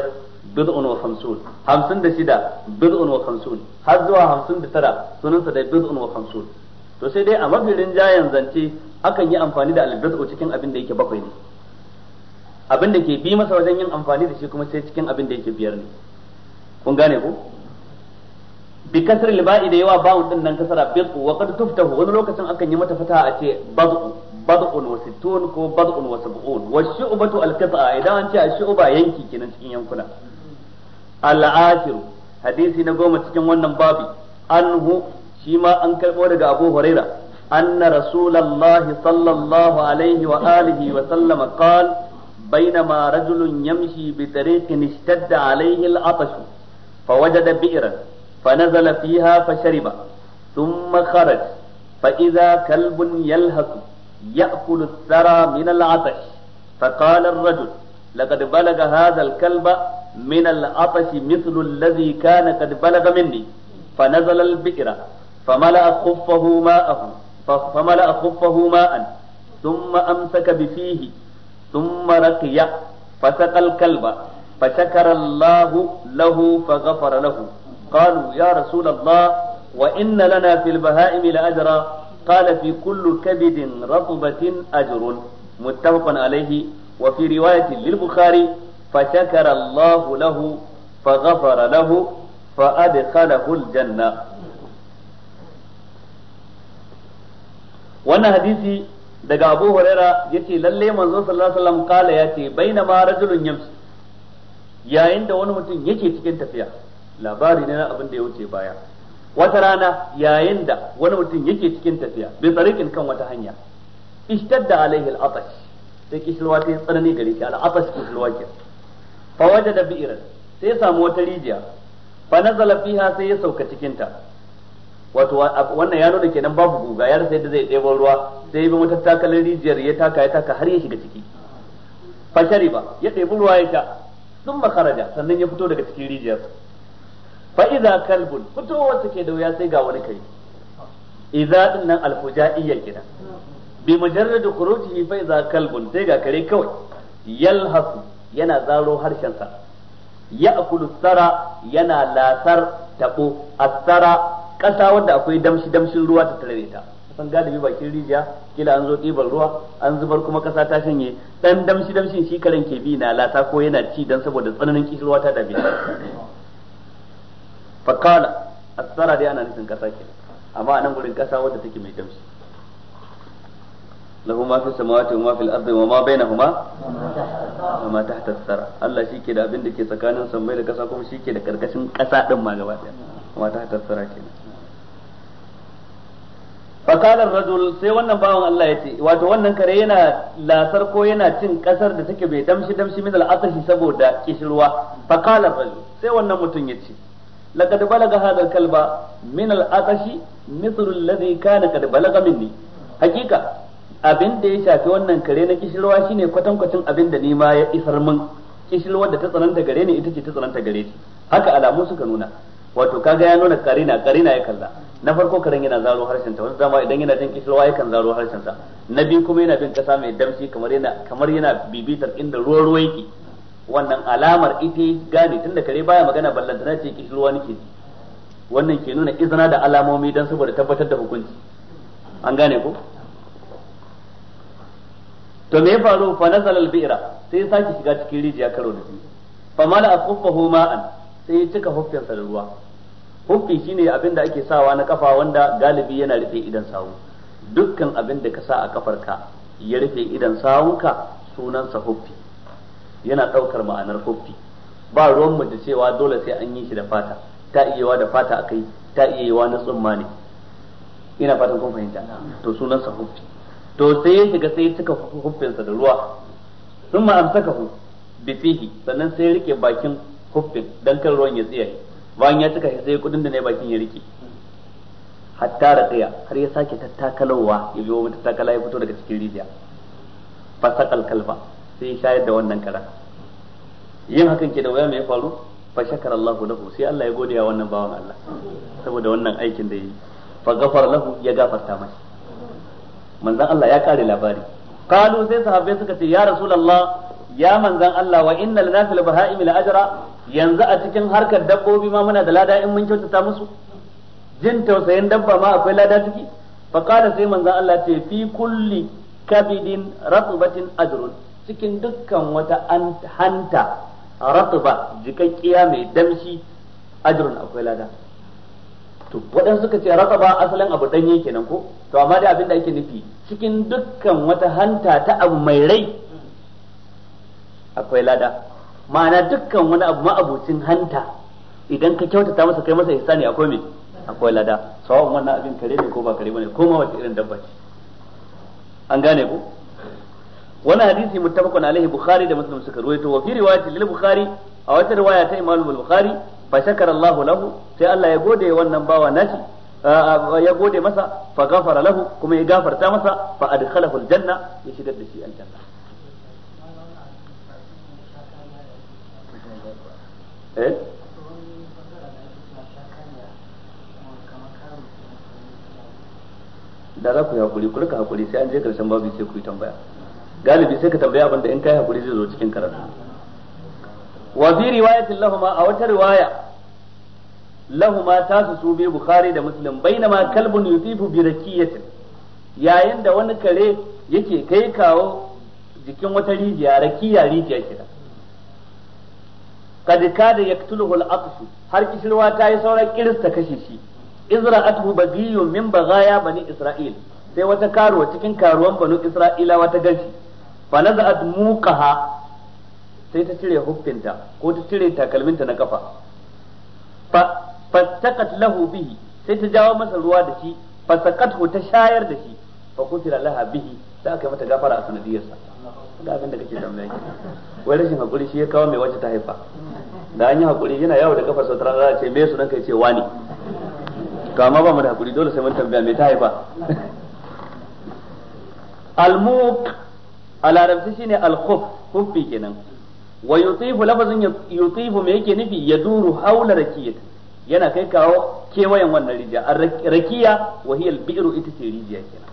bid'un wa hamsin hamsin da shida bid'un wa hamsin har zuwa hamsin da tara sunansa da bid'un wa hamsin. to sai dai a mafirin jayan zance akan yi amfani da albid'u cikin abin da yake bakwai ne abin da ke bi masa wajen yin amfani da shi kuma sai cikin abin da yake biyar ne kun gane ko bi kasar liba'i da yawa ba'un din nan kasara bid'u wa qad tuftahu wani lokacin akan yi mata fataha a ce bazu bazu wa sittun ko bazu wa sab'un wa shu'batu al idan an ce a shu'ba yanki kenan cikin yankuna al-akhir hadisi na goma cikin wannan babi anhu shi ma an karbo daga Abu Huraira anna Rasulullah sallallahu alaihi wa alihi wa sallama qala بينما رجل يمشي بطريق اشتد عليه العطش فوجد بئرا فنزل فيها فشرب ثم خرج فإذا كلب يلهث يأكل الثرى من العطش فقال الرجل لقد بلغ هذا الكلب من العطش مثل الذي كان قد بلغ مني فنزل البئر فملأ خفه ماءه فملأ خفه ماء ثم أمسك بفيه ثم رقي فسقى الكلب فشكر الله له فغفر له قالوا يا رسول الله وإن لنا في البهائم لأجرا قال في كل كبد رطبة أجر متفق عليه وفي رواية للبخاري فشكر الله له فغفر له فأدخله الجنة wannan hadisi daga Abu Huraira yace lalle manzo sallallahu alaihi wasallam kala yace bainama rajulun yamsi yayin da wani mutum yake cikin tafiya labari ne na abin da ya wuce baya wata rana yayin da wani mutum yake cikin tafiya bi tsarikin kan wata hanya ishtadda alaihi al-atash sai kishirwa ta tsanani gare shi al-atash kishirwa ke fa wajada bi'ran sai ya samu wata rijiya fa nazala fiha sai ya sauka cikin ta wato wannan ya nuna kenan babu guga ya rasa yadda zai ɗebo ruwa sai bi wata takalin rijiyar ya taka ya taka har ya shiga ciki fashari ba ya ɗebi ruwa ya sha sun makaraja sannan ya fito daga cikin rijiyar fa'iza kalbun fitowar ke da wuya sai ga wani kai iza din nan iya gida bi mujarrad khurujihi fa iza kalbun sai ga kare kawai yalhasu yana zaro harshensa akulu tsara yana lasar tabo asara ƙasa wadda akwai damshi damshin ruwa ta tare ta kusan galibi bakin rijiya kila an zo ɗiban ruwa an zubar kuma ƙasa ta shanye dan damshi damshin shi karen ke bi na lasa ko yana ci dan saboda tsananin kishirwa ta dabe fakala asara dai ana nufin ƙasa ke amma a nan gurin ƙasa wadda take mai damshi lahu ma fi samawati wa ma fil ardi wa ma bainahuma wa ma tahta as-sara Allah shike da abin da ke tsakanin sammai da ƙasa kuma shike da karkashin ƙasa din ma gaba ɗaya wa ma tahta as-sara kenan fakalar rajul sai wannan bawan Allah ya ce wato wannan kare yana lasar ko yana cin kasar da take bai damshi damshi min al'atashi saboda kishirwa fakalar rajul sai wannan mutum ya ce laqad balaga hadha kalba min al'atashi mithlu alladhi kana qad balaga minni hakika abin da ya shafi wannan kare na kishirwa shine kwatankwacin abin da ni ma ya isar min kishirwar da ta tsananta gare ni ita ce ta tsananta gare shi haka alamu suka nuna wato kaga ya nuna karina karina ya kalla na farko karin yana zaro harshen ta wani dama idan yana jin kishirwa yakan zaro harshen sa na biyu kuma yana bin kasa mai damshi kamar yana kamar yana bibitar inda ruwa ruwa yake wannan alamar ita gane tunda kare baya magana ballantana ce kishirwa nake ji wannan ke nuna izina da alamomi don saboda tabbatar da hukunci an gane ko to me ya faru fa nazala al-bi'ra sai sake shiga cikin rijiya karo da shi fa mala aqfahu ma'an sai ya cika huffinsa da ruwa huffi shine abin da ake sawa na kafa wanda galibi yana rufe idan sawu dukkan abin da ka sa a kafarka ya rufe idan sawunka sunansa huffi yana ɗaukar ma'anar huffi ba ruwan mu da cewa dole sai an yi shi da fata ta iya yawa da fata akai ta iya yawa na tsumma ne ina fatan kun fahimta to sunansa huffi to sai ya shiga sai ya cika huffinsa da ruwa sun ma'amsakahu bifihi sannan sai ya rike bakin huffin dan kan ruwan ya tsiyaye bayan ya cika shi sai kudin da ne bakin ya rike hatta tsaya har ya sake tattakalowa ya biyo wata takala ya fito daga cikin rijiya fasakal kalba sai ya shayar da wannan kara yin hakan ke da waya mai faru fa shakara Allah lahu sai Allah ya gode wa wannan bawan Allah saboda wannan aikin da yi fa ghafara lahu ya gafarta masa manzon Allah ya kare labari qalu sai sahabbai suka ce ya rasulullah ya manzan Allah wa innal nafil baha'im la ajra yanzu a cikin harkar dabbobi ma muna da lada in mun kyautata musu jin tausayin dabba ma akwai lada ciki fa qala sai manzan Allah ce fi kulli kabidin ratbatin ajrun cikin dukkan wata hanta ratba jikakkiya mai damshi ajrun akwai lada to waɗansu suka ce ratba asalin abu danye kenan ko to amma dai abin da ake nufi cikin dukkan wata hanta ta abu mai rai akwai lada ma'ana dukkan wani abu ma'abucin hanta idan ka kyautata masa kai masa ihsani akwai me akwai lada sawa'un wannan abin kare ne ko ba kare bane ko ma wata irin dabba ce an gane ku? wannan hadisi muttafaqun alaihi bukhari da muslim suka ruwaito wa fi riwayati lil bukhari a wata riwaya ta imam al-bukhari fa shakara Allah lahu sai Allah ya gode wannan bawa nashi ya gode masa fa ghafara lahu kuma ya gafarta masa fa adkhalahu al-janna ya shigar da shi aljanna Eh? da za ku yi hakuri kurka hakuri sai an je karshen babu sai ku yi tambaya galibi sai ka tambaya abinda in kai hakuri zai zo cikin karatu wa fi riwayatin lahuma a wata riwaya lahuma ta su bi bukhari da muslim bainama kalbun yusifu bi rakiyati yayin da wani kare yake kai kawo jikin wata rijiya rakiya rijiya kenan qad kada yaqtuluhu al-aqsu har kishirwa ta yi sauran kirista kashe shi izra'atuhu bagiyun min baghaya bani isra'il sai wata karuwa cikin karuwan banu isra'ilawa ta ganshi fa naza'at muqaha sai ta cire huffinta ko ta cire takalminta na kafa fa fastaqat lahu bihi sai ta jawo masa ruwa da shi fa sakathu ta shayar da shi fa kutira laha bihi sai aka yi mata gafara a sanadiyarsa ga abin da kake tambaya ki wai rashin hakuri shi ya kawo mai wacce ta haifa da an yi hakuri yana yawo da kafa sautar za a ce me sunan kai ce wa to amma ba mu da hakuri dole sai mun tambaya me ta haifa almuk a shine alkhuf khuffi kenan wa yutifu lafazin yutifu me yake nufi ya duru haula rakiyat yana kai kawo kewayen wannan rijiya rakiya wa hiya al-bi'ru ita ce rijiya kenan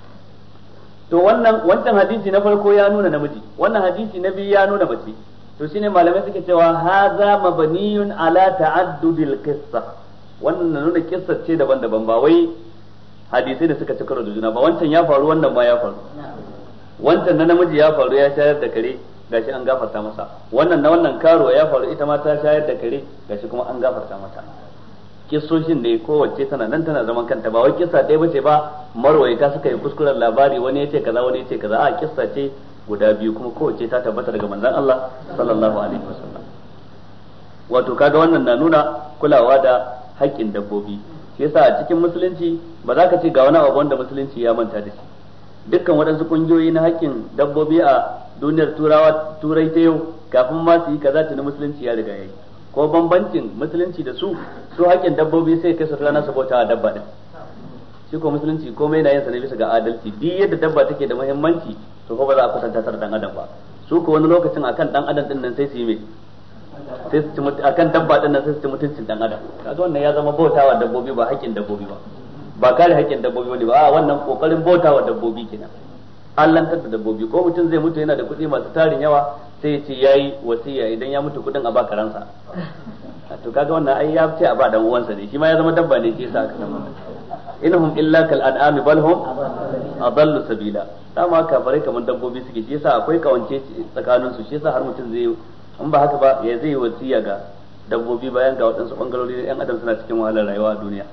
to wannan wancan hadisi na farko ya nuna namiji wannan hadisi na biyu ya nuna mace to shine malamai suke cewa hadha mabniyun ala ta'addudil qissa wannan na nuna kissa ce daban-daban ba wai hadisai da suka ci karo da juna ba wancan ya faru wannan ma ya faru wancan na namiji ya faru ya shayar da kare gashi an gafarta masa wannan na wannan karo ya faru ita ma ta shayar da kare gashi kuma an gafarta mata kissoshin ne kowace tana nan tana zaman kanta ba wai kissa ɗaya bace ba marwayata suka yi kuskuren labari wani yace kaza wani yace kaza a kissa ce guda biyu kuma kowace ta tabbata daga manzon Allah sallallahu alaihi wasallam wato kaga wannan na nuna kulawa da haƙƙin dabbobi shi yasa a cikin musulunci ba za ka ce ga wani abu wanda musulunci ya manta da shi dukkan waɗansu ƙungiyoyi na haƙƙin dabbobi a duniyar turawa turai ta yau kafin ma su yi kaza tuni musulunci ya riga ya yi ko bambancin musulunci da su su haƙƙin dabbobi sai kai su rana su bauta dabba din shi ko musulunci komai na yin ne bisa ga adalci duk yadda dabba take da muhimmanci to ko ba za a kusanta ta dan adam ba su ko wani lokacin akan dan adam din nan sai su yi mai sai su ci akan dabba din nan sai su ci mutuncin dan adam kaga wannan ya zama bautawa dabbobi ba haƙƙin dabbobi ba ba kare haƙƙin dabbobi bane ba a wannan kokarin bautawa dabbobi kenan allantar da dabbobi ko mutum zai mutu yana da kuɗi masu tarin yawa sai ce yi wasiya idan ya mutu kudin a ba karansa to kaga wannan ai ya ce a ba dan uwansa ne shi ma ya zama dabba ne ke sa aka nan inhum illa kal an'am bal hum adallu sabila dama kafirai kamar dabbobi suke shi yasa akwai kawance tsakanin su shi yasa har mutum zai in ba haka ba ya zai wasiya ga dabbobi bayan ga waɗansu bangarori da yan adam suna cikin wahalar rayuwa a duniya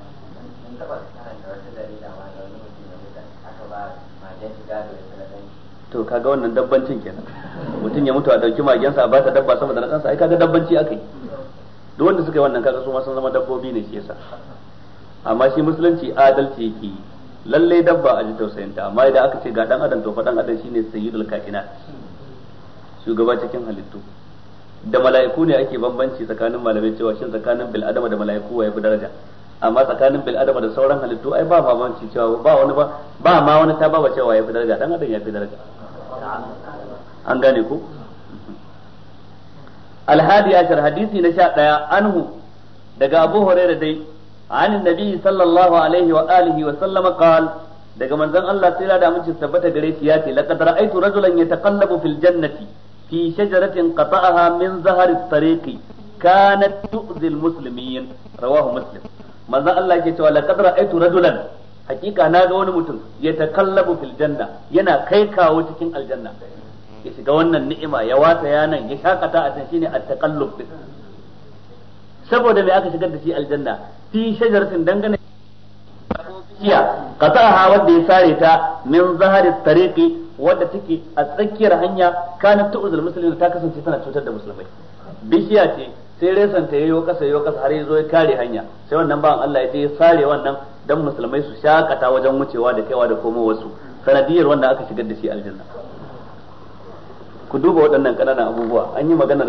to kaga wannan dabbancin kenan mutum ya mutu a dauki magensa a bata dabba sama da na kansa ai kaga dabbanci akai duk wanda suka yi wannan kaga su ma sun zama dabbobi ne shi yasa amma shi musulunci adalci yake yi lallai dabba a ji tausayinta amma idan aka ce ga dan adam to fa dan adam shine sayyidul kaina shugaba cikin halittu da mala'iku ne ake bambanci tsakanin malamai cewa shin tsakanin bil adama da mala'iku wa yafi daraja amma tsakanin bil adama da sauran halittu ai ba bambanci cewa ba wani ba ba ma wani ta ba cewa yafi daraja dan adam yafi daraja an gane ko alhadi ashar hadisi na sha ɗaya anhu daga abu hurairah dai an nabi sallallahu alaihi wa alihi wa sallama qal daga manzon Allah sai da mace tabbata gare shi ya ce laqad ra'aytu rajulan yataqallabu fil jannati fi shajaratin qata'aha min zahari tariqi kanat tu'zi al muslimin rawahu muslim manzon Allah ke cewa laqad ra'aytu rajulan hakika na ga wani mutum ya takallabu fil janna yana kai kawo cikin aljanna ya shiga wannan ni'ima ya wata yanan ya shakata a can shine at-taqallub din saboda me aka shigar da shi aljanna fi shajaratin dangane kiya qata'aha wanda ya sare ta min zahari tariqi wadda take a tsakiyar hanya kana tu'zul muslimin ta kasance tana cutar da musulmai bishiya ce sai resan ta yayyo kasa yayyo kasa har ya zo ya kare hanya sai wannan ba Allah ya je ya sare wannan dan musulmai su shakata wajen wucewa da kaiwa da komowa su sanadiyar wanda aka shigar da shi aljanna ku duba waɗannan ƙananan abubuwa an yi maganar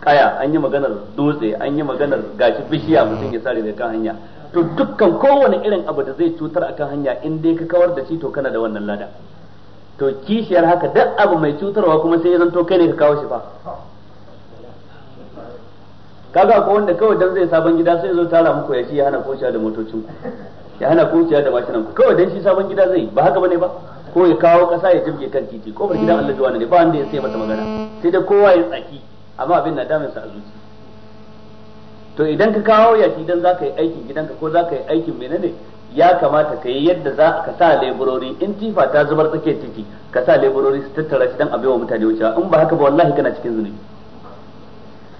kaya an yi maganar dutse an yi maganar gashi bishiya mutum ya sare kan hanya to dukkan kowane irin abu da zai cutar akan hanya in dai ka kawar da shi to kana da wannan lada to kishiyar haka duk abu mai cutarwa kuma sai ya zanto kai ne ka kawo shi fa kaga ko wanda kawai dan zai sabon gida sai zo tara muku ya shi ya hana kociya da motocin ku ya hana kociya da mashinan ku kawai dan shi sabon gida zai ba haka bane ba ko ya kawo kasa ya jibge kan titi ko bar gidan Allah ne ba wanda ya sai masa magana sai dai kowa ya tsaki amma abin na damin sa a zuci to idan ka kawo ya idan za zaka yi aikin gidanka ko zaka yi aikin menene ya kamata ka yi yadda za ka sa leburori in tifa ta zubar tsakiyar titi ka sa leburori su tattara shi dan a wa mutane wucewa in ba haka ba wallahi kana cikin zunubi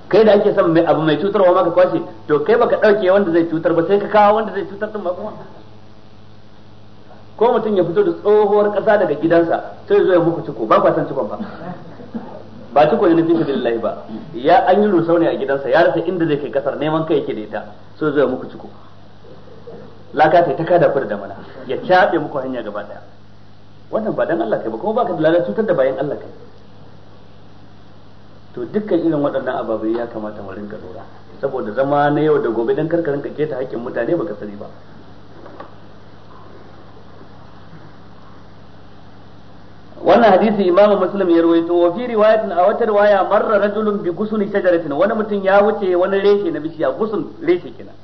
kai da ake son abu mai cutarwa ma ka kwashe to kai baka dauke wanda zai cutar ba sai ka kawo wanda zai cutar din ba kuma ko mutum ya fito da tsohuwar ƙasa daga gidansa sai zo ya muku ciko ba kwa san cikon ba ba ciko ne fi da ba ya an yi rusau ne a gidansa ya rasa inda zai kai kasar neman kai yake da ita sai zo ya muku ciko laka ta kada fur da mana ya caɓe muku hanya gaba ɗaya. wannan ba dan Allah kai ba kuma baka da lalata cutar da bayan Allah kai to dukkan irin waɗannan ababai ya kamata mu rinka lura saboda zama na yau da gobe dan karkarin ka keta haƙƙin mutane baka sani ba wannan hadisi imam muslim ya rawaito wa fi riwayatin a wata riwaya marra rajulun bi gusun shajaratin wani mutum ya wuce wani reshe na bishiya gusun reshe kenan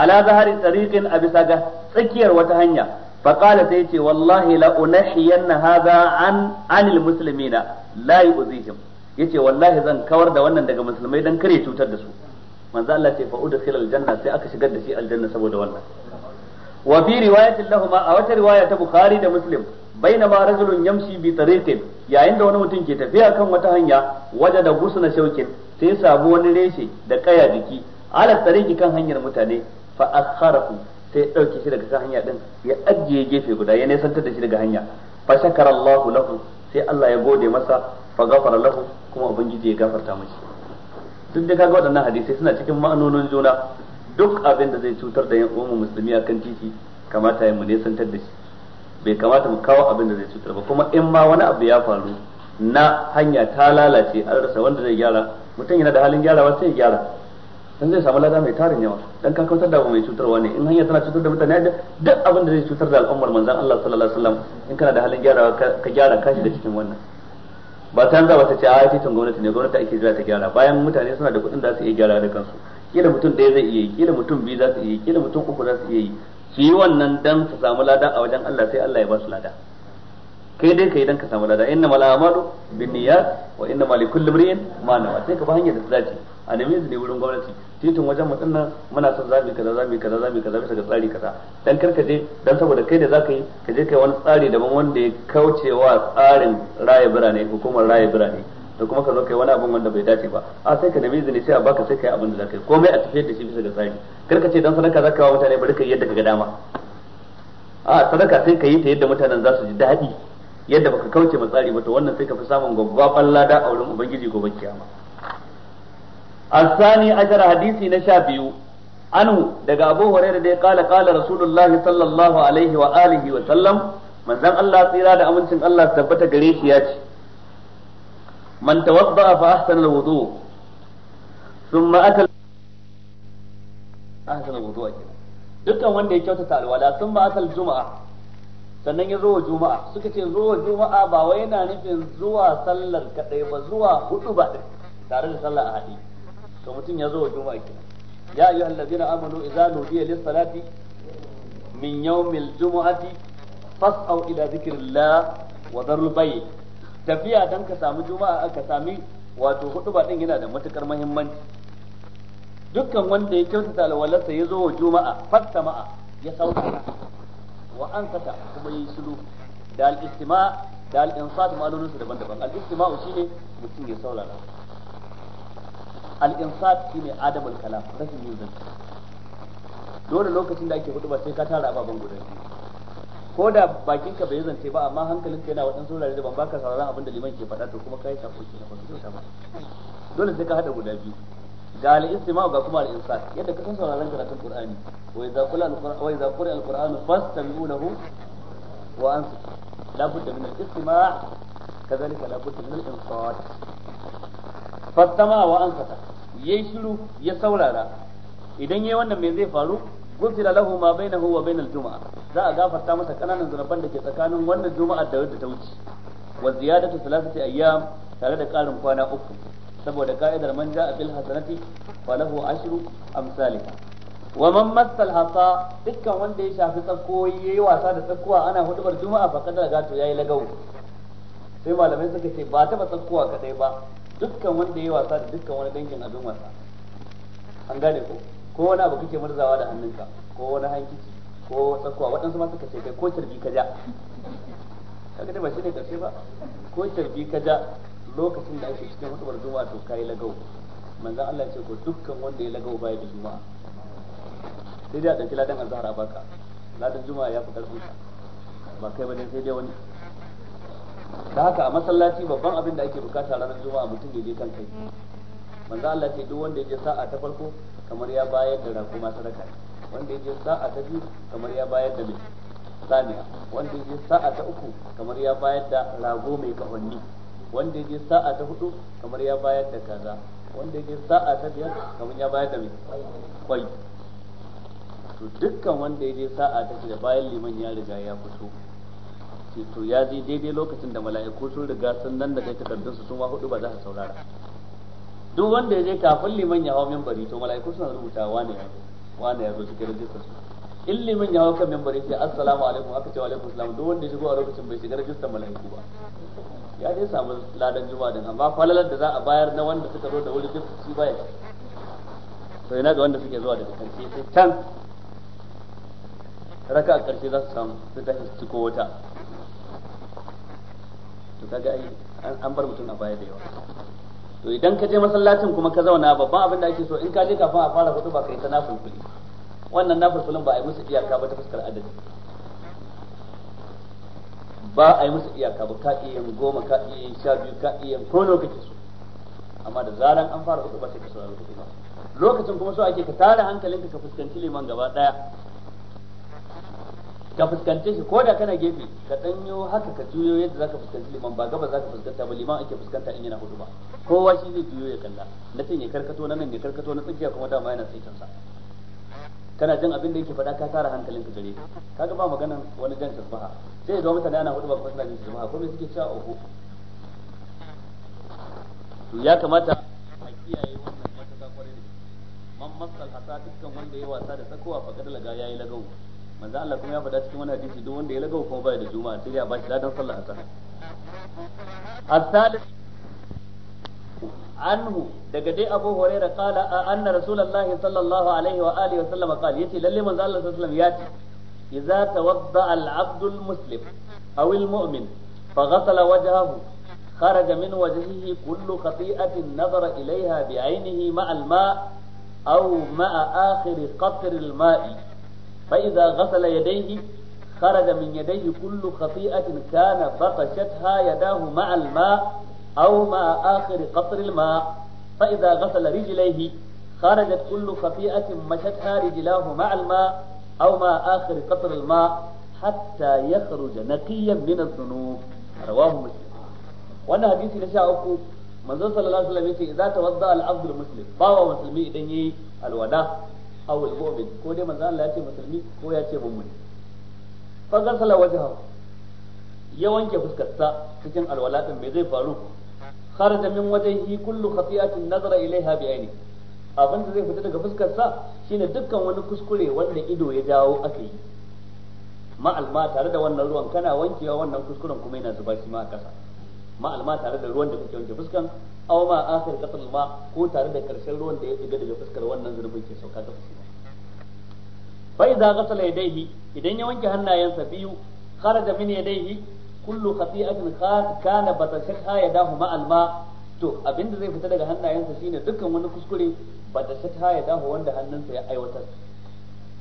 ala zahari tariqin a bisa ga tsakiyar wata hanya fa qala sai ce wallahi la unahiyanna hadha an anil muslimina la yu'zihim yace wallahi zan kawar da wannan daga musulmai dan kare cutar da su manzo Allah ce fa udkhilal janna sai aka shigar da shi aljanna saboda wannan wa fi riwayatin lahuma a wata riwaya ta bukhari da muslim ma rajulun yamshi bi tariqin yayin da wani mutum ke tafiya kan wata hanya waje da gusuna shaukin sai samu wani reshe da kaya jiki ala tariqi kan hanyar mutane fa akharahu sai dauke shi daga kan hanya din ya ajiye gefe guda ya nesantar da shi daga hanya fa shakara lahu sai Allah ya gode masa fa gafara lahu kuma ubangiji ya gafarta mashi duk da kaga waɗannan hadisai suna cikin ma'anonin juna duk abin da zai cutar da yan uwan musulmi akan titi kamata ya mu nesantar da shi bai kamata mu kawo abin da zai cutar ba kuma in ma wani abu ya faru na hanya ta lalace an rasa wanda zai gyara mutum yana da halin gyarawa sai ya gyara dan zai samu lada mai tarin yawa dan ka kautar da mai cutarwa ne in hanya tana cutar da mutane da duk abin da zai cutar da al'ummar manzon Allah sallallahu alaihi wasallam in kana da halin gyarawa ka gyara kashi da cikin wannan ba ta hanzar ba ta ce a titin gwamnati ne gwamnati ake jira ta gyara bayan mutane suna da kuɗin da su iya gyara da kansu kila mutum ɗaya zai iya yi kila mutum biyu za su iya yi kila mutum uku za su iya yi su yi wannan dan su samu lada a wajen Allah sai Allah ya ba su lada kai dai kai dan ka samu lada inna mal a'malu niyyat wa inna mal kulli imrin ma nawa sai ka ba hanyar da ta dace a nemi izini wurin gwamnati titin wajen mutum nan muna son zabi kaza zabi kaza zabi kaza bisa ga tsari kaza dan kar ka je dan saboda kai da zaka yi ka je kai wani tsari daban wanda ya kaucewa tsarin raye birane hukumar raye birane da kuma ka zo kai wani abin wanda bai dace ba a sai ka nemi izini sai a baka sai kai abin da ka yi komai a tafiyar da shi bisa ga tsari kar ka ce dan sadaka zaka wa mutane bari ka yi yadda ka ga dama a sadaka sai ka yi ta yadda mutanen za su ji daɗi yadda baka kauce ma tsari ba to wannan sai ka fi samun gwabban lada a wurin ubangiji gobe kiyama hadisi na sha biyu anhu daga abu hurairah da ya kala kala rasulullahi sallallahu alaihi wa alihi wa sallam manzon Allah tsira da amincin Allah tabbata gare ya ce man tawadda fa ahsana alwudu thumma ata ahsana alwudu kenan dukkan wanda ya kyautata alwala sun ba ata aljuma'a sannan ya zo wa juma'a suka ce zo wa juma'a ba wai yana nufin zuwa sallar kadai ba zuwa hudu ba tare da sallar ahadi to mutum ya zo wa juma'a kenan ya ayyuhal ladzina amanu idza nudiya lis salati min yawmil jumu'ati fas'au ila dhikrillah wa dharul bay' tafiya don ka samu juma'a aka sami wato hudu ba din yana da matukar muhimmanci dukkan wanda ya kyautata alwalarsa ya zo wa juma'a ma'a ya sauka wa an kata kuma yi shiru da al'istima da al'insa insat ma'anoninsu daban-daban al shi shine mutum ya saurara al'insa shi shine adabul kalam rashin yin zance dole lokacin da ake hudu ba sai ka tara ababen gudanar ko da bakin ka bai zance ba amma hankalin ka yana waɗansu wurare da ban baka sauraron abin da liman ke faɗa to kuma kai tafoki na wasu kyauta ba dole sai ka haɗa guda biyu ga al-istima'u ga kuma al-insan yadda ka san sauraron karatun Qur'ani wa idza qila al-Qur'an wa idza qira al-Qur'an fastami'u lahu wa ansu la budda min al-istima' kadhalika la budda min al-insat fastama wa ansata yayi shiru ya saurara idan yayi wannan me zai faru gufira lahu ma bainahu wa bainal juma'a za a gafarta masa kananan zunuban da ke tsakanin wannan juma'a da wadda ta wuce wa ziyadatu thalathati ayyam tare da karin kwana uku saboda ka'idar man ja'a bil hasanati ashiru ashru amsalika wa man massal hasa dukkan wanda ya shafi tsakko yayi wasa da tsakkuwa ana hudubar juma'a fa kadar gato yayi lagawo sai malamai suka ce ba taba tsakkuwa kadai ba dukkan wanda yayi wasa da dukkan wani dangin abin wasa an gane ko ko wani abu kake murzawa da hannunka ko wani hankici ko tsakuwa waɗansu ma suka ce kai ko tarbi ka ja kaga dai ba shi ne karshe ba ko tarbi ka ja lokacin da ake cikin hutubar juma'a to kai lagau manzon Allah ya ce ko dukkan wanda ya lagau baya da juma'a sai dai a ɗauki ladan azhar a baka ladan juma'a ya fi karfin ba kai ba ne sai dai wani da haka a masallaci babban abin da ake bukata ranar juma'a mutum ya je kan kai manzo Allah ya ce duk wanda ya je sa'a ta farko kamar ya bayar da rakuma sadaka wanda ya je sa'a ta biyu kamar ya bayar da mai saniya wanda ya je sa'a ta uku kamar ya bayar da rago mai kahonni wanda ya je sa'a ta hudu kamar ya bayar da kaza wanda ya je sa'a ta biyar kamar ya bayar da mai kwai to dukkan wanda ya je sa'a ta shida bayan liman ya riga ya fito to ya je daidai lokacin da mala'iku sun riga sun nan da kai takardun su sun ma hudu ba za su saurara duk wanda ya je kafin liman ya hau mimbari to mala'iku suna rubuta wane ya wane ya zo cikin rajistar su in liman ya hau kan mimbari sai assalamu alaikum aka ce wa alaikum salam duk wanda ya shigo a lokacin bai shiga rajistar mala'iku ba ya dai samu ladan juma'a din amma falalar da za a bayar na wanda suka zo da wuri duk shi baya to ina ga wanda suke zuwa daga karshe sai can raka a karshe za su samu su ta su ko wata to kaga ai an bar mutum a baya da yawa to idan ka je masallacin kuma ka zauna babban abin da ake so in ka je kafin a fara ka kai ta nafulfuli wannan nafulfulin ba a yi musu iyaka ba ta fuskar adadi ba a yi musu iyaka ba ka iya yin goma ka iya yin sha biyu ka iya yin ko lokaci so amma da zaran an fara ba sai ka saurari ba. lokacin kuma so ake ka tara hankalinka ka fuskanci liman gaba daya ka fuskance shi ko da kana gefe ka danyo haka ka juyo yadda zaka fuskanci liman ba gaba zaka fuskanta ba liman ake fuskanta in yana hudu ba kowa shi zai juyo ya kalla na can ya karkato na nan ya karkato na tsakiya kuma dama yana sai sa kana jin abin da yake faɗa ka tara hankalin ka gare kaga ba maganan wani jan tasbaha sai ya zo mutane ana hudu ba kuma suna jin tasbaha ko me suke cewa oho to ya kamata a kiyaye wannan matuƙa kwarai da man masal hasa dukkan wanda ya wasa da sakowa fa kada laga yayi lagawo manzo Allah kuma ya faɗa cikin wani hadisi duk wanda ya lagawa kuma baya da juma'a sai ya bashi ladan sallah asar الثالث عنه daga dai Abu Hurairah qala anna Rasulullahi sallallahu alaihi wa alihi wa sallam qala yace lalle manzo Allah sallallahu alaihi wa sallam yace idza tawadda al-abd al-muslim aw al-mu'min faghasala wajhahu خرج من وجهه كل خطيئة نظر إليها بعينه مع الماء أو مع آخر قطر الماء fa idza ghasala yadayhi kharaja min yadayhi kullu khati'atin kana batashatha yadahu ma'a al-ma' aw ma'a akhir qatr al-ma' خرجت كل خطيئة مشتها رجلاه مع الماء أو مع آخر قطر الماء حتى يخرج نقيا من الذنوب رواه مسلم وانا حديث نشاء أكو manzo sallallahu alaihi wasallam yace idza tawadda al-abd al-muslim bawa musulmi idan yayi alwada aw al-mu'min ko dai manzo Allah ce musulmi ko ya ce mu'min fa ghasala wajhahu ya wanke fuskarsa cikin alwala din me zai faru kharaja min wajhihi kullu khati'atin nazara ilaiha bi aini abin da zai fita daga fuskarsa shine dukkan wani kuskure wanda ido ya jawo aka yi ma'alma tare da wannan ruwan kana wankewa wannan kuskuren kuma yana zuba shi ma a ƙasa Ma'alma tare da ruwan da kake wanke fuskan aw ma akhir qatl ma ko tare da karshen ruwan da ya diga daga fuskar wannan zurbin ke sauka ta fuska fa idza ghasala yadayhi idan ya wanke hannayensa biyu kharaja min yadayhi kullu khati'atin kana batashaha yadahu ma alma to abinda zai fita daga hannayensa shine dukkan wani kuskure batashaha yadahu wanda hannunsa ya aiwatar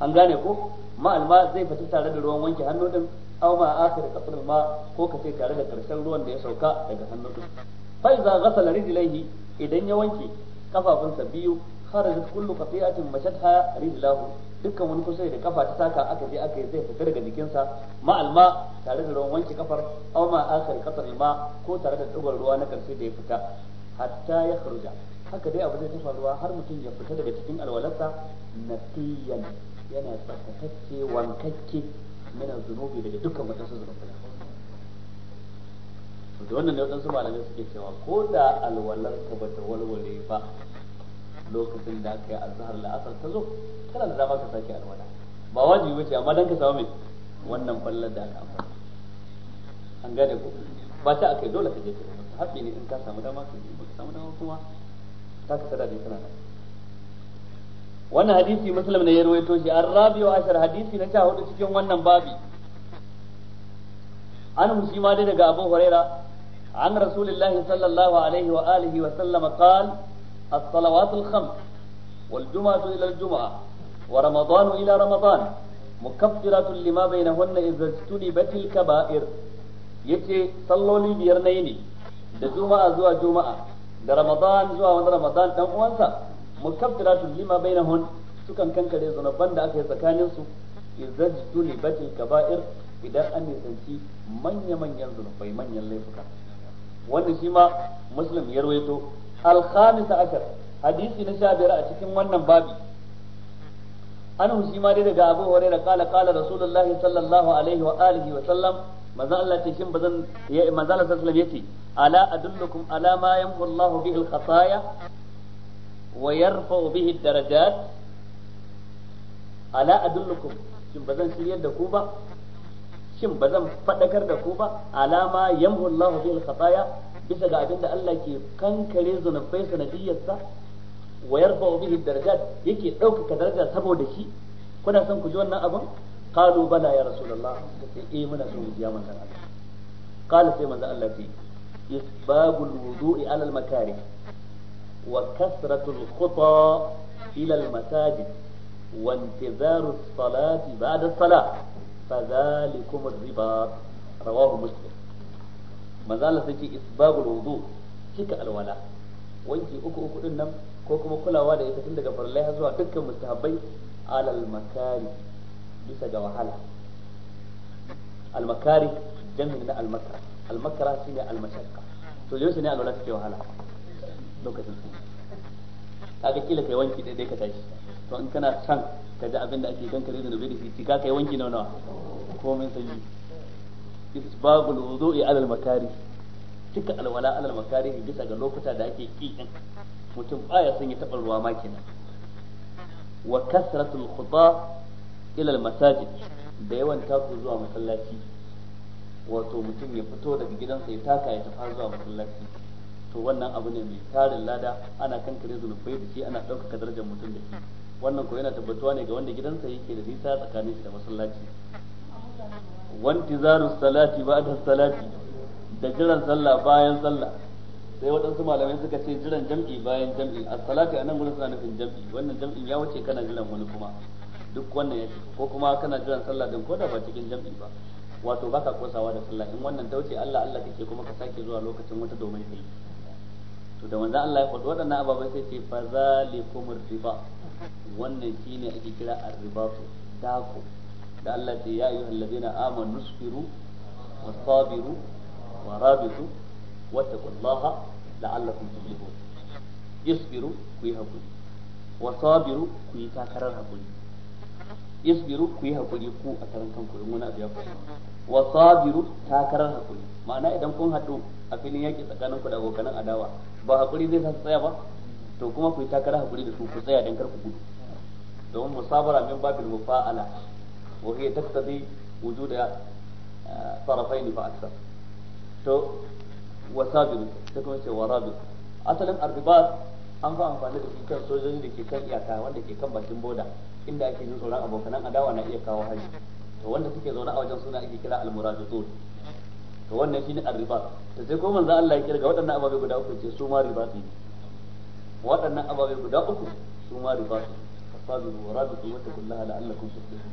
an gane ko ma'alma zai fita tare da ruwan wanke hannu din aw ma akhir kafin ma ko ka ce tare da karshen ruwan da ya sauka daga hannun sa fa iza ghasala rijlaihi idan ya wanke kafafunsa biyu kharajat kullu qati'atin mashatha rijlahu dukkan wani kusa da kafa ta saka aka je aka yi zai fita daga jikinsa ma'alma tare da ruwan wanke kafar aw ma akhir kafin ma ko tare da dubar ruwa na karshe da ya fita hatta ya kharuja haka dai abu zai ta faruwa har mutum ya fita daga cikin alwalarsa natiyan yana tsakatacce wankakke Yana zunubi daga dukkan wadansu zunubi to da wannan ne wadansu malamai suke cewa ko da alwalar ka bata walwale ba lokacin da aka yi azhar la'asar ta zo kana da dama ka sake alwala ba wajibi bace amma dan ka samu mai wannan fallar da aka amfana an gane ku ba ta yi dole ka je ka haɓe ne in ka samu dama ka yi ba ka samu dama kuma ta ka sada ne kana da wannan hadisi muslim ne ya rawaito shi an rabi wa ashar hadisi na sha hudu cikin wannan babi an hushi ma dai daga abu huraira an rasulullah sallallahu alaihi wa alihi wa sallam qal as-salawat al-khams wal jum'atu ila al-jum'ah wa ramadan ila ramadan mukaffiratun lima bainahunna idza ijtunibat al-kaba'ir yace salloli biyar ne da juma'a zuwa juma'a da ramadan zuwa wani ramadan dan uwansa mukaffiratun lima bainahun sukan kankare zunuban banda aka yi tsakanin su idan tunibatil kaba'ir idan an nisanci manya-manyan zunubai manyan laifuka wannan shi ma muslim ya rawaito alhamisa ashar hadisi na sha biyar a cikin wannan babi an shi ma dai daga abu hore da kala kala rasulullahi sallallahu alaihi wa alihi wa sallam manzo Allah ce shin bazan manzo Allah sallallahu alaihi wa sallam yace ala adullukum ala ma yamhu Allah bihi al-khataya wa yarfa'u bihi darajat ala adullukum shin bazan shiryar da ku ba shin bazan fadakar da ku ba alama yamhu Allahu bil khataya bisa ga abinda Allah ke kankare zunubai sanadiyyar sa wa yarfa'u bihi darajat yake ɗaukaka daraja saboda shi kuna son ku ji wannan abin qalu bala ya rasulullah kace eh muna son mu ji manzon sai Allah وكثرة الخطى إلى المساجد وانتظار الصلاة بعد الصلاة فذلكم الرباط رواه مسلم ما زال سيتي إسباب الوضوء كيك الولاء wanki uku uku din nan ko kuma kulawa da ita tun daga farlai har zuwa dukkan mustahabbai alal makari bisa ga wahala al makari jami'in na al makara al makara to alwala wahala kaga kila kai wanki dai dai ka tashi to in kana san ka ji abin da ake kan kare nabi da shi ci kai wanki nawa nawa komai sanyi isbabul wudu'i alal makari cika alwala alal makari bisa ga lokuta da ake ki din mutum baya son ya taba ruwa ma kenan wa kasratul khuta ila al masajid da yawan taku zuwa masallaci wato mutum ya fito daga gidansa ya taka ya tafi zuwa masallaci to wannan abu ne mai tarin lada ana kankare zunubai da shi ana ɗaukaka darajar mutum da shi wannan ko yana tabbatuwa ne ga wanda gidansa yake da nisa tsakanin shi da masallaci Wanti zaru salati ba da salati da jiran sallah bayan sallah sai waɗansu malamai suka ce jiran jam'i bayan jam'i A salati a nan gudun suna nufin jam'i wannan jam'in ya wuce kana jiran wani kuma duk wannan ya ko kuma kana jiran sallah din ko da ba cikin jam'i ba wato baka kosawa da sallah in wannan ta wuce Allah Allah kake kuma ka sake zuwa lokacin wata domin kai to da manzo Allah ya faɗi waɗannan ababai sai ce fa zalikumur riba wannan shine ake kira ar-ribatu dako da Allah ce ya ayyuhal ladina amanu sabiru wasabiru warabitu wattaqullaha la'allakum tuflihun isbiru ku yi hakuri wasabiru ku yi takarar hakuri isbiru ku yi hakuri ku a karan kanku in wani abu ya faru wasabiru takarar hakuri ma'ana idan kun haɗu a filin yaƙi tsakanin ku da abokanan adawa ba hakuri zai sa su tsaya ba to kuma ku yi takara hakuri da su ku tsaya dan kar ku gudu domin musabara min babil mufa'ala wa hiya taqtadi wujuda eh, tarafaini fa aksar to wa sabiru kuma ce wa asalin arzibat an fa amfani da shi sojoji da ke kan iyaka wanda ke kan bakin boda inda ake jin tsoron abokanan adawa na iya kawo hari to wanda suke zauna a wajen suna ake kira almurajutun to wannan shine ar to sai ko manzo Allah ya kirga waɗannan ababe guda uku ce su ma riba ne waɗannan ababe guda uku su ma riba ne fasabiru wa rabitu wa taqullaha la'allakum tuflihun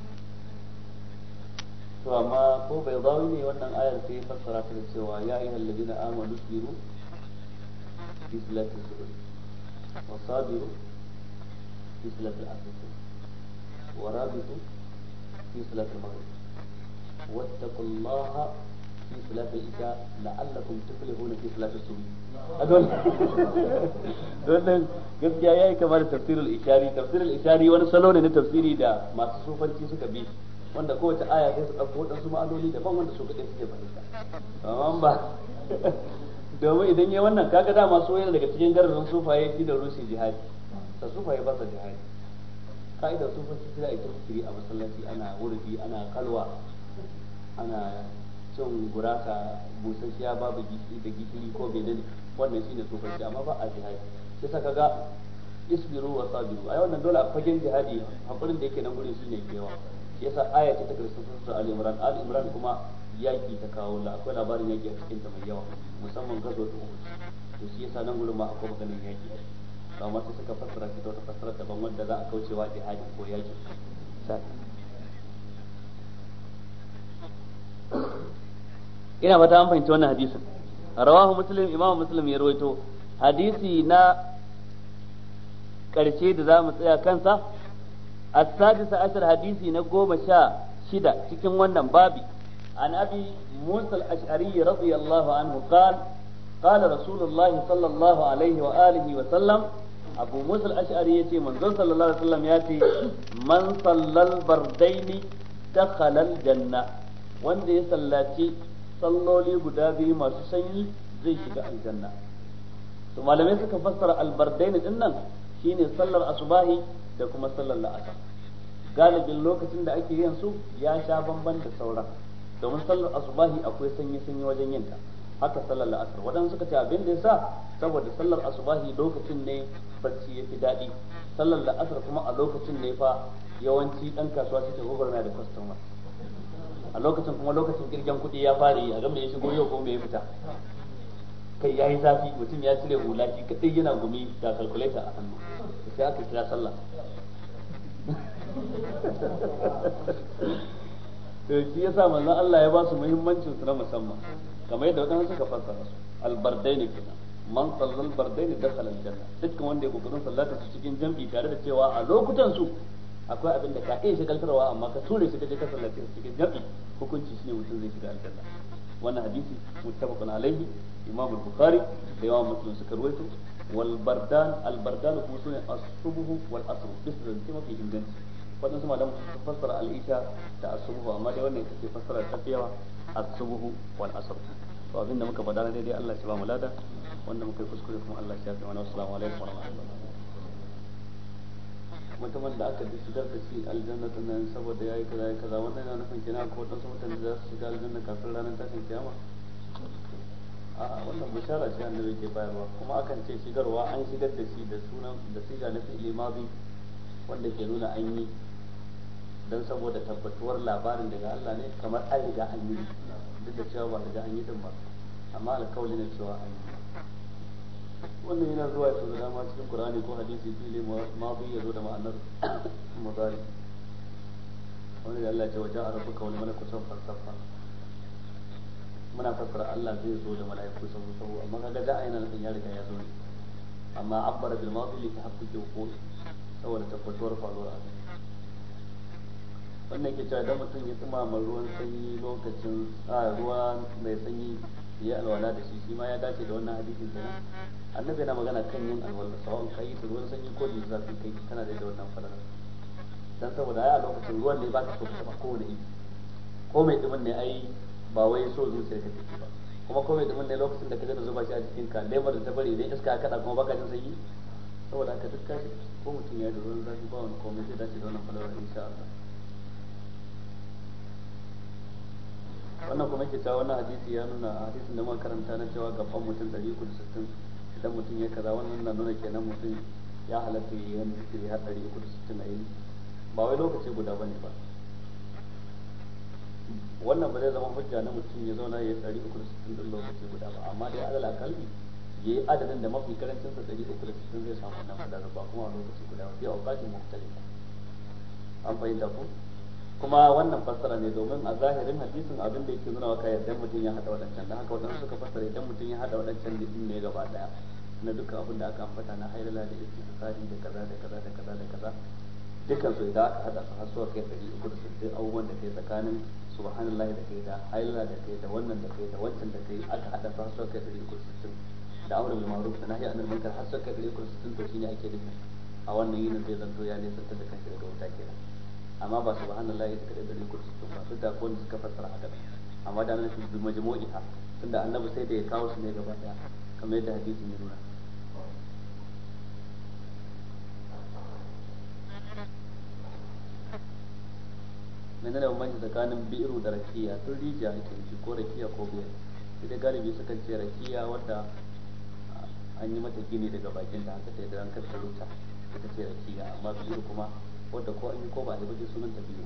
to amma ko bai zawi ne wannan ayar sai fassara ta cewa ya ayyuhal ladina amanu sabiru fi salati subul wa sabiru fi salati al-asr wa rabitu في صلاة المغرب واتقوا الله fi don yayi kamar tafsirul ishari tafsirul ishari wani salo ne na tafsiri da masu suka bi wanda kowace aya sai su ɗauko waɗansu ma'anoni daban wanda su kaɗai suke fahimta domin idan ya wannan kaga dama masu yana daga cikin garin sufaye shi da rusi jihadi sa sufaye ba sa jihadi ka'idar sufanci sai a yi a masallaci ana wurfi ana kalwa ana cin gurasa busasshiya babu gishiri da gishiri ko menene wannan ne tsofaffi amma ba a jihadi sai saka ga isbiru wa sabiru ai wannan dole a fagen jihadi hakurin da yake nan gurin shine kewa shi yasa aya ta ta karshen sun al imran al imran kuma yaki ta kawo la akwai labarin yaki a cikin ta mai yawa musamman gazo ta uhud to shi yasa nan gurin ma akwai maganin yaki ba amma sai suka fassara ta wata fassara daban wanda za a kaucewa jihadi ko yaki sai ina fata an fahimci wannan hadisin rawahu muslim imam muslim ya rawaito hadisi na karshe da za mu tsaya kansa as-sadisa ashar hadisi na goma sha shida cikin wannan babi an abi musa al-ash'ari radiyallahu anhu qala qala rasulullahi sallallahu alaihi wa alihi wa sallam abu musa al-ash'ari yace manzon sallallahu alaihi wasallam yace man sallal bardaini dakhala al-janna wanda ya sallaci salloli guda biyu masu sanyi zai shiga aljanna to malamai suka fassara albardaini din nan shine sallar asubahi da kuma sallar la'asar galibin lokacin da ake yin su ya sha bamban da sauran domin sallar asubahi akwai sanyi sanyi wajen yin ta haka sallar la'asar waɗanda suka ce abin da ya sa saboda sallar asubahi lokacin ne barci ya fi daɗi sallar la'asar kuma a lokacin ne fa yawanci ɗan kasuwa suke gwagwarmaya da kwastomas a lokacin kuma lokacin kirgen kuɗi ya fara yi a gama ya shigo yau ko me ya fita kai ya yi zafi mutum ya cire hula shi kadai yana gumi da kalkuleta a hannu sai aka kira sallah [laughs] to shi yasa manzon Allah ya ba su muhimmancin su na musamman kamar yadda wadannan suka fassara su ne kenan man ne da dakhala janna dukkan wanda ya kokarin sallata su cikin jam'i tare da cewa a lokutan su akwai abin da ka iya shagaltarwa amma ka ture shi kaje ka sallace cikin jami'i hukunci shine mutum zai shiga aljanna wannan hadisi muttafaqun alaihi imam al-bukhari da yawa muslim suka ruwaito wal bardan al bardan kuma sunan as-subh wal asr bisu da mafi inganci wannan su malamu su fassara al-isha da as-subh amma dai wannan ita fassara ta fiyawa as-subh wal asr to abin muka faɗa na daidai Allah shi ba mu lada wanda muka yi kuskure kuma Allah shi ya kai mana assalamu alaikum wa rahmatullahi wata wanda aka shigar da shi aljanna tunan saboda yayi kaza yayi kaza wannan yana nufin kina ko wata mutane da za su shiga aljanna kafin ranar tashin kiyama a wannan bishara ce annabi ke bayarwa kuma akan ce shigarwa an shigar da shi da sunan da siga na fi'li limabi wanda ke nuna an yi dan saboda tabbatuwar labarin daga Allah ne kamar an riga an yi duk da cewa ba riga an yi din ba amma alkawli ne cewa an yi wannan yana zuwa ya da dama cikin qur'ani ko hadisi fili ma bi ya zo da ma'anar mazari wani da Allah ya ce waje a rabbuka wal malaku safan safan muna fassar Allah zai zo da mala'iku sabu sabu amma kaga da ayyana nan ya riga ya zo ne amma abbara bil madi li tahaqqiqi wuqu saboda tabbatuwar faruwar abin wannan ke cewa idan mutum ya tsima ruwan sanyi lokacin a ruwa mai sanyi ya alwala da shi shi ma ya dace da wannan hadisin kenan annabi yana magana kan yin alwala sawa'un kai su ruwan sanyi ko da zafi kai tana da wannan falala dan saboda ai a lokacin ruwan ne ba ka so ka ko wani iri ko mai dumin ne ai ba wai so zuciya ka take ba kuma ko mai dumin ne lokacin da ka da zuba shi a jikin ka lemar da ta bari idan iska ka kada kuma baka jin sanyi saboda ka duk kashi ko mutum ya da ruwan zafi ba wani komai zai dace da wannan falala insha Allah wannan kuma ke cewa wannan hadisi ya nuna a hadisin da muka karanta na cewa gaban mutum da sittin idan mutum ya kaza wannan na nuna kenan mutum ya halatta yi wani zikiri har sittin a yi ba wai lokaci guda ba ne ba wannan ba zai zama hujja na mutum ya zauna ya yi sittin din lokaci guda ba amma dai alal akalli ya yi adadin da mafi karancin sa sittin zai samu wannan ba kuma a lokaci guda ba fi auqatin mukhtalifa an fahimta ku kuma wannan fassara ne domin a zahirin hadisin abin da yake nuna wa yadda mutum ya hada wadancan da haka wadannan suka fassara idan mutum ya hada wadancan da ne gaba daya na dukkan abin da aka ambata na hailala da tsari da kaza da kaza da kaza da kaza dukkan su idan aka hada su hasuwa zuwa kai dari uku da sittin abubuwan da kai tsakanin subhanallahi da kai da hailala da kai da wannan da kai da wancan da kai aka hada su hasuwa zuwa kai dari uku da sittin da aure bil ma'ruf da nahi anil munkar har zuwa kai dari uku da sittin to shine ake nufi a wannan yinin zai zanto ya ne ta da kanshi daga wuta kenan amma ba subhanallah ya kada da kursi din ba su da kowane suka fassara haka amma da nan su majmu'iha tunda annabi sai da ya kawo su ne gaba daya kamar yadda hadisin ya nuna menene bambanci tsakanin bi'iru da rakiya tun rijiya ake nufi ko rakiya ko biyar Sai dai galibi sukan ce rakiya wadda ah, an yi mata gini daga bakin da haka yi da ran kasta ita ce rakiya amma bi'iru kuma wadda ko an yi ko ba a yi sunan ta biyu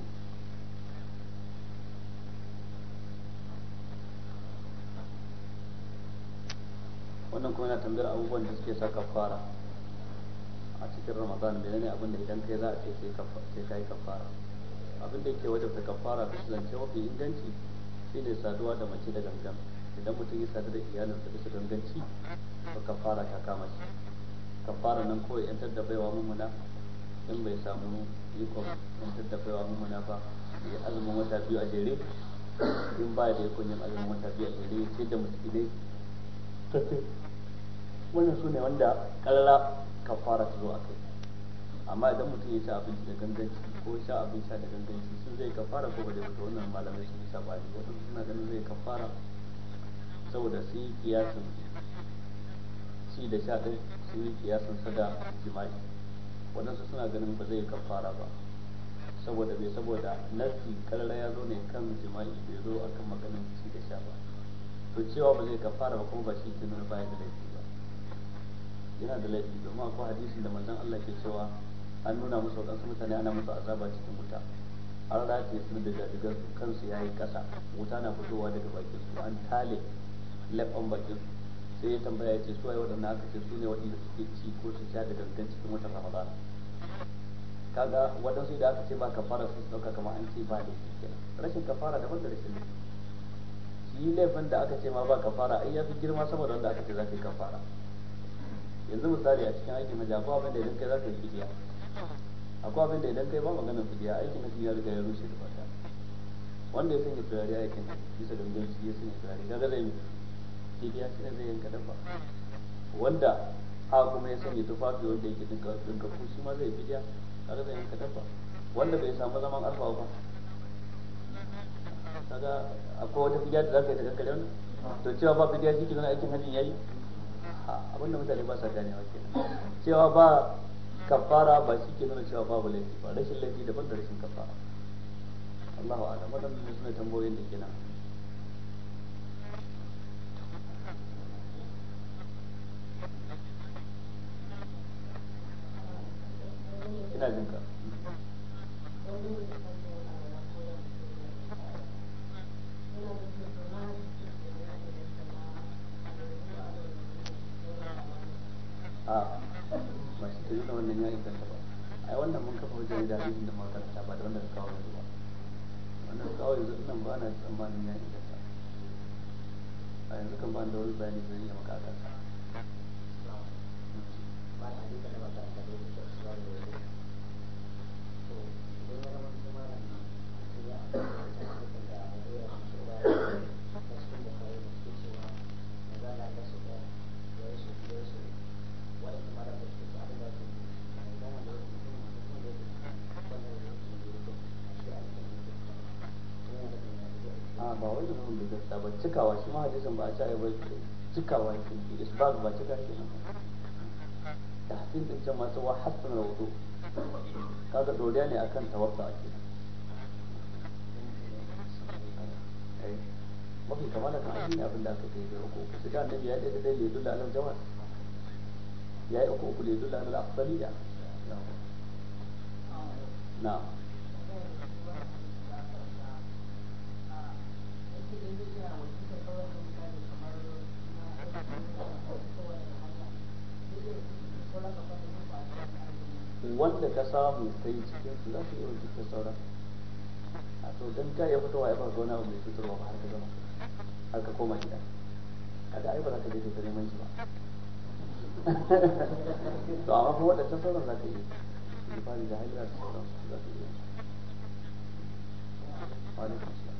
wannan kuma yana tambayar abubuwan da suke sa kafara a cikin ramadan menene abin da idan kai za a ce sai yi kafara abin da wajen wajabta kafara bisa zance mafi inganci shine saduwa da mace da gangan idan mutum ya sadu da iyalinsa bisa ganganci to kafara ta kama shi kafara nan kawai yantar da baiwa mummuna in bai samu ikon mutar da baiwa mummuna ba ya azumin wata biyu a jere in ba da ikon yin azumin wata biyu a jere ya ce da ta ce wannan su ne wanda ka fara su zo a kai amma idan mutum ya sha abinci da ganganci ko sha abin sha da ganganci sun zai fara ko ba zai fito wannan malamai sun ba ne wasu suna ganin zai fara saboda su yi kiyasin ci da sha ɗin su yi kiyasin sada jima'i waɗansu suna ganin ba zai kafara ba saboda bai saboda nafi kalala ya zo ne kan jima'i bai zo akan maganin ci da sha ba to cewa ba zai kafara ba kuma ba shi ke nuna baya da laifi ba yana da laifi domin akwai hadisin da manzon Allah ke cewa an nuna musu waɗansu mutane ana musu azaba cikin wuta an rataye su da jadigar kansu ya yi ƙasa wuta na fitowa daga bakin su an tale laɓan bakin su sai ya tambaya ya ce su waɗannan aka ce su ne waɗanda suke ci ko su sha da gangan cikin wata ramadana kaga waɗansu da aka ce ba kafara su dauka kamar an ce ba da shi rashin kafara da da rashin shi laifin da aka ce ma ba kafara ai ya fi girma saboda wanda aka ce za ka yi kafara yanzu misali a cikin aikin hajji akwai abin da idan kai za ka yi fidiya akwai abin da idan kai ba maganar fidiya aikin hajji ya riga ya rushe da fata wanda ya sanya turare aikin bisa da wajen shi ya sanya turare kaga zai fidiya shi ne zai yanka dafa. wanda A kuma ya sanya tufafi wanda yake dinka dinka ko shi ma zai fidiya kaga zai yanka dabba wanda bai samu zaman alfa ba kaga akwai wata fidiya da zaka yi ta kakkare wannan to cewa ba fidiya shi kenan aikin hajjin yayi abinda mutane ba sa ganewa kenan cewa ba kafara ba shi ke nuna cewa babu laifi ba rashin laifi daban da rashin kafara Allahu a'lam wadannan suna tambayoyin da ke nan. ina jin ka a ah, ba shi ta yi wannan ya inganta ba ai wannan mun kafa wajen da abin da makaranta ba da wanda ka kawo yanzu ba wannan kawo yanzu nan ba na tsammanin ya inganta a yanzu kan ba da wani bayani zai iya maka akan ba na duka na makaranta da hadisin ba a ci ba cikawa ke isbat ba cika ke da hasin din can masu wa hasan rawudu kaga doriya ne akan tawaffa ake eh, mafi kan abin da aka kai da uku su ga annabi ya dai dai da alal jawad ya yi uku uku lidu da alal afdaliya na Thank you. wanda ka samu kai cikin su za su yi ta sauran a to don ka ya fitowa ya fara gona mai cutarwa ba har ka zama har ka koma gida kada ai ba za ka je ka neman shi ba [laughs] to amma kuma waɗancan sauran za ka yi fari da hajjira da sauran su za ka yi wa alaikum salam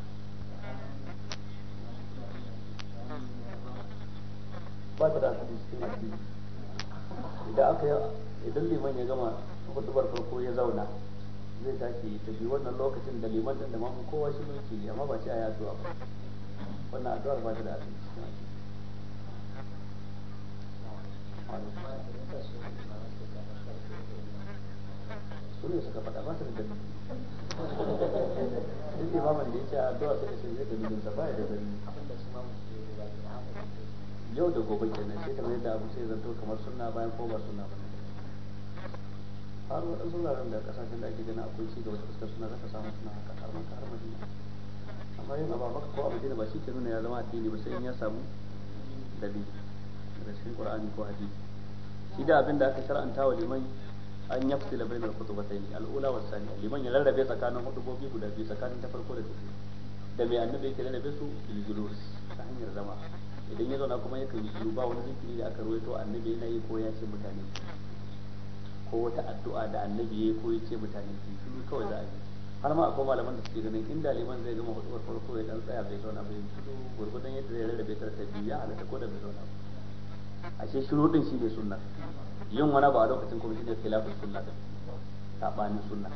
ba ta da asali cikin addini idan aka idan liman ya gama hudubar farko ya zauna zai tashi bi wannan lokacin da liman din da mamu kowa shi ne ke amma ba ce a yi ba wannan addu'ar ba ta da asali cikin addini suka faɗa ba ta da dalili duk imaman da ya ce a addu'a sai da shi da dalilin sa ba ya da dalili yau da gobe kenan sai kamar yadda abu sai zanto kamar sunna bayan ko ba sunna ba har waɗansu wuraren da kasashen da ake gina akwai cigaba gaba ta fuskar suna zaka samu suna haka har maka har madina amma yin abu maka ko a madina ba shi ke nuna ya zama addini ba sai in ya samu dalili daga cikin qur'ani ko hadisi shi da abin da aka shar'anta wa liman an yafsila bainal khutbatayn al-ula was thaniya liman ya rarrabe tsakanin hudubobi guda biyu tsakanin ta farko da ta da mai annabi yake rarrabe su bil ta hanyar zama idan ya zauna kuma yakan yi ba wani zikiri da aka rawaito annabi yana yi ko ya ce mutane ko wata addu'a da annabi ya yi ko ya ce mutane su shiru kawai za a yi har ma akwai malaman da suke ganin inda liman zai gama hudubar farko ya dan tsaya bai zauna bai shiru gurgudan yadda zai rarrabe ta ta biyu ya halatta ko da bai zauna ba ashe shiru shi ne sunna yin wani ba a lokacin kuma shi ne filafin sunna din sabanin sunna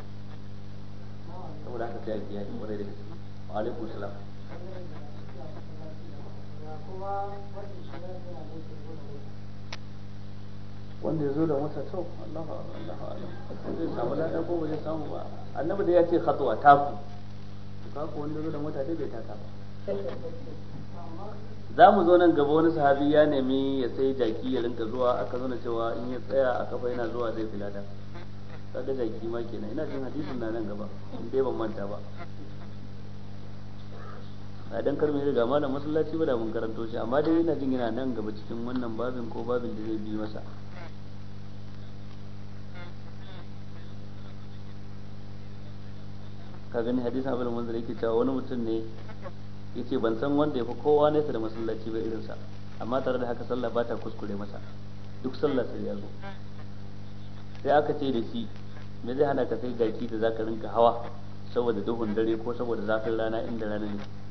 saboda haka sai a ne kwarai da gaske wa alaikum salam wanda ya zo da mota to Allah Allah Allah zai samu lada ko ba zai samu ba annabi da ya ce khatwa taku to kaku wanda zo da mota dai bai taka ba za mu zo nan gaba wani sahabi ya nemi ya sai jaki ya rinka zuwa aka zo cewa in ya tsaya a kafa yana zuwa zai fi kaga jaki ma kenan ina jin hadisin na nan gaba in dai ban manta ba ba dan karmi riga malam masallaci ba da mun karanto shi amma dai ina jin yana nan gaba cikin wannan babin ko babin da zai bi masa ka gani hadisi abin manzara yake cewa wani mutum ne yace ban san wanda ya fi kowa nesa da masallaci ba irinsa amma tare da haka sallah ba ta kuskure masa duk sallah sai ya zo sai aka ce da shi me zai hana ka sai gaki da zaka rinka hawa saboda duhun dare ko saboda zafin rana inda rana ne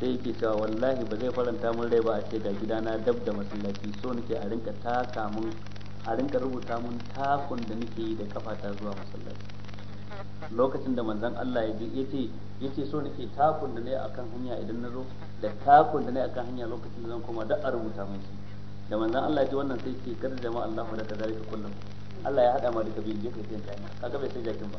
sai yake cewa wallahi ba zai faranta mun rai ba a ce ga gidana dab da masallaci so nake a rinka taka mun a rinka rubuta mun takun da nake yi da ta zuwa masallaci lokacin da manzon Allah ya yace yace so nake takun da nayi akan hanya idan na zo da takun da nayi akan hanya lokacin da zan koma da a rubuta mun shi da manzon Allah ya ji wannan sai yake kar jama'a Allahu da kazalika kullum Allah ya hada ma duka biyu je kai kaga bai sai jakin ba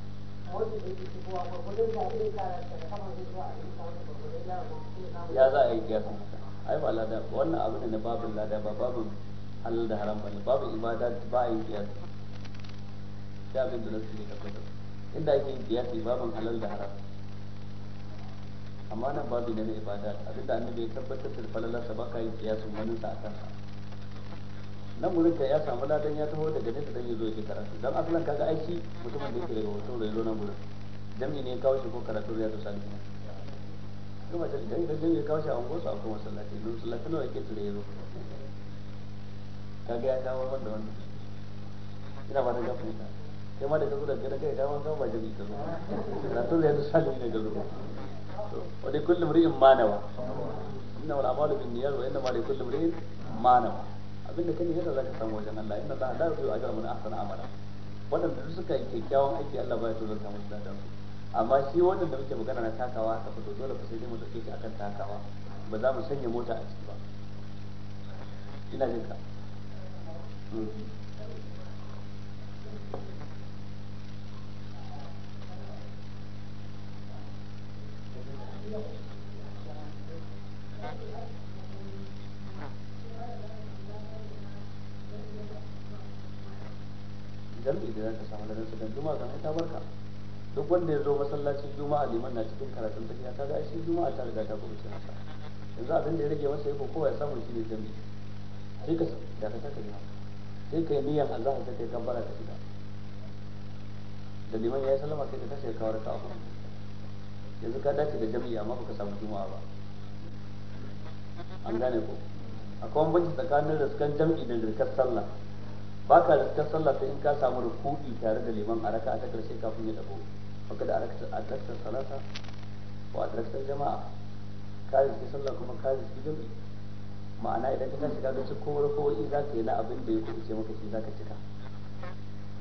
ya za a yi kiyasan ai ba lada wannan abu ne na babin lada ba babin halal da haram bane babin ibada ba a yi kiyasi shi abin da na su ne da kudin inda ake yin kiyasi babin halal da haram amma nan babi ne na ibada abinda annabi ya tabbatar da falalarsa ba ka yi wannan wani sa a kansa nan gurin ka ya samu ladan ya taho daga nesa dan ya zo ya karatu dan asalan kaga aiki mutumin da yake daga hoto da zo nan gurin jami'i ne kawo shi ko karatu ya to sani kuma da dan da ya kawo shi a unguwa sa kuma sallati don sallati nawa yake tare yazo kaga ya dawo wanda wanda ina ba da gafi ta kai ma da ka zo da kai dawo kan ba jami'i ka zo karatu ya to sani ne da zo to wa kullu mri'in manawa inna wal a'malu binniyat wa inna ma li kulli ma manawa abinda kai yadda za ka samu wajen Allah inna Allah la yu'ti ajra man ahsana amala wannan da suka yi kyakkyawan aiki Allah baya so zaka musu da su amma shi wannan da muke magana na takawa ka fito dole ku sai dai mu dauke shi akan takawa ba za mu sanya mota a ciki ba ina jin ka Thank hmm. you. jami'i da za ka samu ladan don juma'a kan ita ta barka duk wanda ya zo masallacin juma'a liman na cikin karatun tafiya kaga ai shi juma'a ta riga ta kubuce sa yanzu abin da ya rage masa yako kowa ya samu shi ne jami'i sai ka da ka saka liman sai ka yi niyyar Allah sai ka kai gambara ka shiga da liman ya yi sallama sai ka kashe kawar ka abu yanzu ka dace da jami'i amma baka samu juma'a ba an gane ko akwai bambanci tsakanin riskan jam'i da riskar sallah ba ka riskar sallah ta in ka samu rukudi tare da liman a raka'a ta karshe kafin ya dabo baka da adraktar salata a adraktar jama'a ka suke sallah kuma ka suke jami'i ma'ana idan ka shiga kaga cikin kowar kowar za ka yi na abin da ya ce maka shi ka cika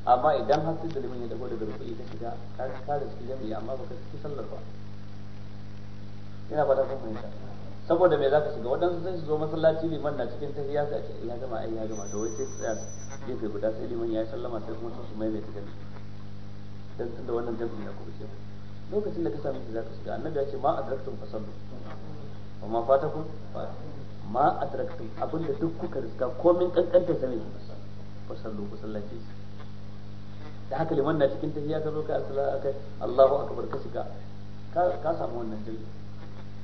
amma idan har da liman ya dabo daga rukudi ka shiga ka suke jami'i amma baka suke sallar ba ina fata kun fahimta saboda me zaka shiga waɗansu sun zo masallaci liman na cikin ta sai ce ya gama ai ya gama to wai sai tsaya gefe guda sai liman ya sallama sai kuma sun su maimaita gani dan da wannan jamfin ya kuma ce lokacin da ka sami shi zaka shiga annabi ya ce ma adraktum fasallu amma kun ma a adraktum abinda duk kuka riska komin kankanta sai ne fasallu masallaci da haka liman na cikin tahiyya ka zo ka assalamu alaikum Allahu akabar ka shiga ka samu wannan jamfin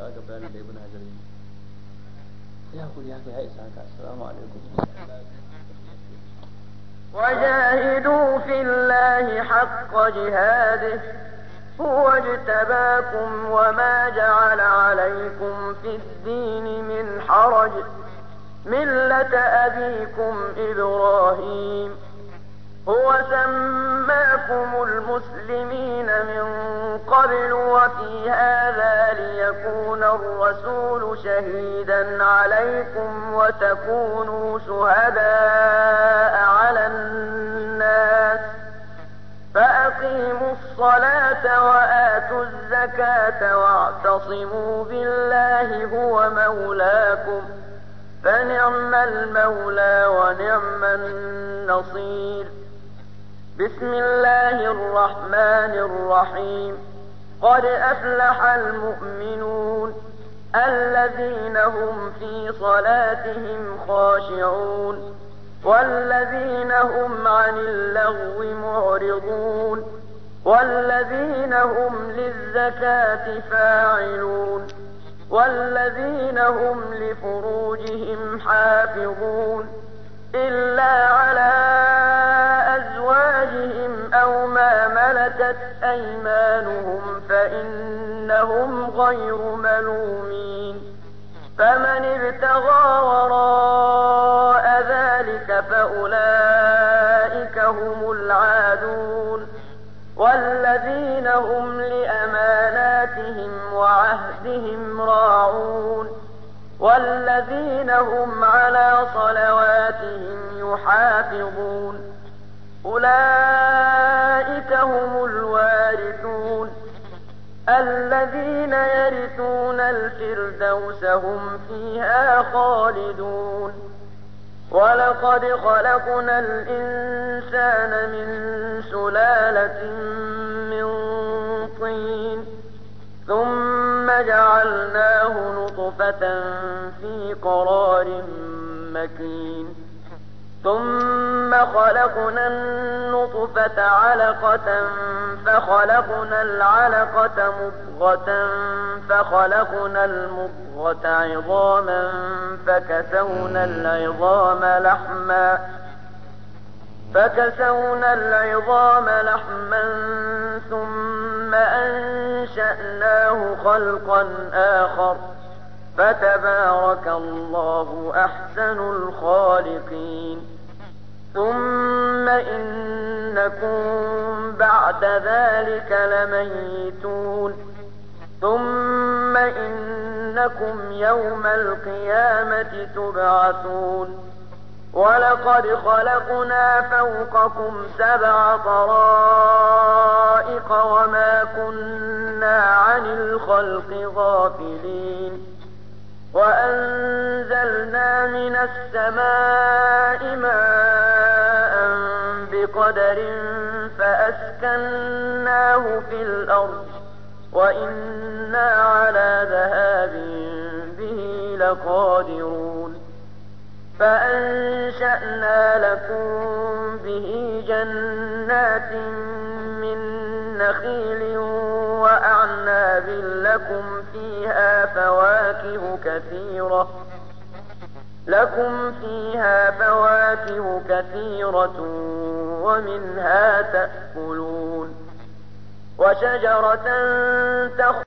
da ibn hajar yi ya ya isa assalamu alaikum وجاهدوا في الله حق جهاده هو اجتباكم وما جعل عليكم في الدين من حرج ملة أبيكم إبراهيم هو سماكم المسلمين من قبل وفي هذا ليكون الرسول شهيدا عليكم وتكونوا شهداء على الناس فأقيموا الصلاة وآتوا الزكاة واعتصموا بالله هو مولاكم فنعم المولى ونعم النصير بسم الله الرحمن الرحيم قد أفلح المؤمنون الذين هم في صلاتهم خاشعون والذين هم عن اللغو معرضون والذين هم للزكاة فاعلون والذين هم لفروجهم حافظون إلا على أزواجهم أو ما ملكت أيمانهم فإنهم غير ملومين فمن ابتغى وراء ذلك فأولئك هم العادون والذين هم لأماناتهم وعهدهم راعون والذين هم على صلواتهم يحافظون أولئك هم الوارثون الذين يرثون الفردوس هم فيها خالدون ولقد خلقنا الإنسان من سلالة من طين ثم جعلناه نطفة في قرار مكين ثم خلقنا النطفة علقة فخلقنا العلقة مضغة فخلقنا المضغة عظاما فكسونا العظام لحماً فكسونا العظام لحما ثم أنشأناه خلقا آخر فتبارك الله أحسن الخالقين ثم إنكم بعد ذلك لميتون ثم إنكم يوم القيامة تبعثون ولقد خلقنا فوقكم سبع طرائق وما كنا عن الخلق غافلين وأنزلنا من السماء ماء بقدر فأسكناه في الأرض وإنا على ذهاب به لقادرون فأنشأنا لكم به جنات من نخيل وأعناب لكم فيها فواكه كثيرة لكم فيها فواكه كثيرة ومنها تأكلون وشجرة تخ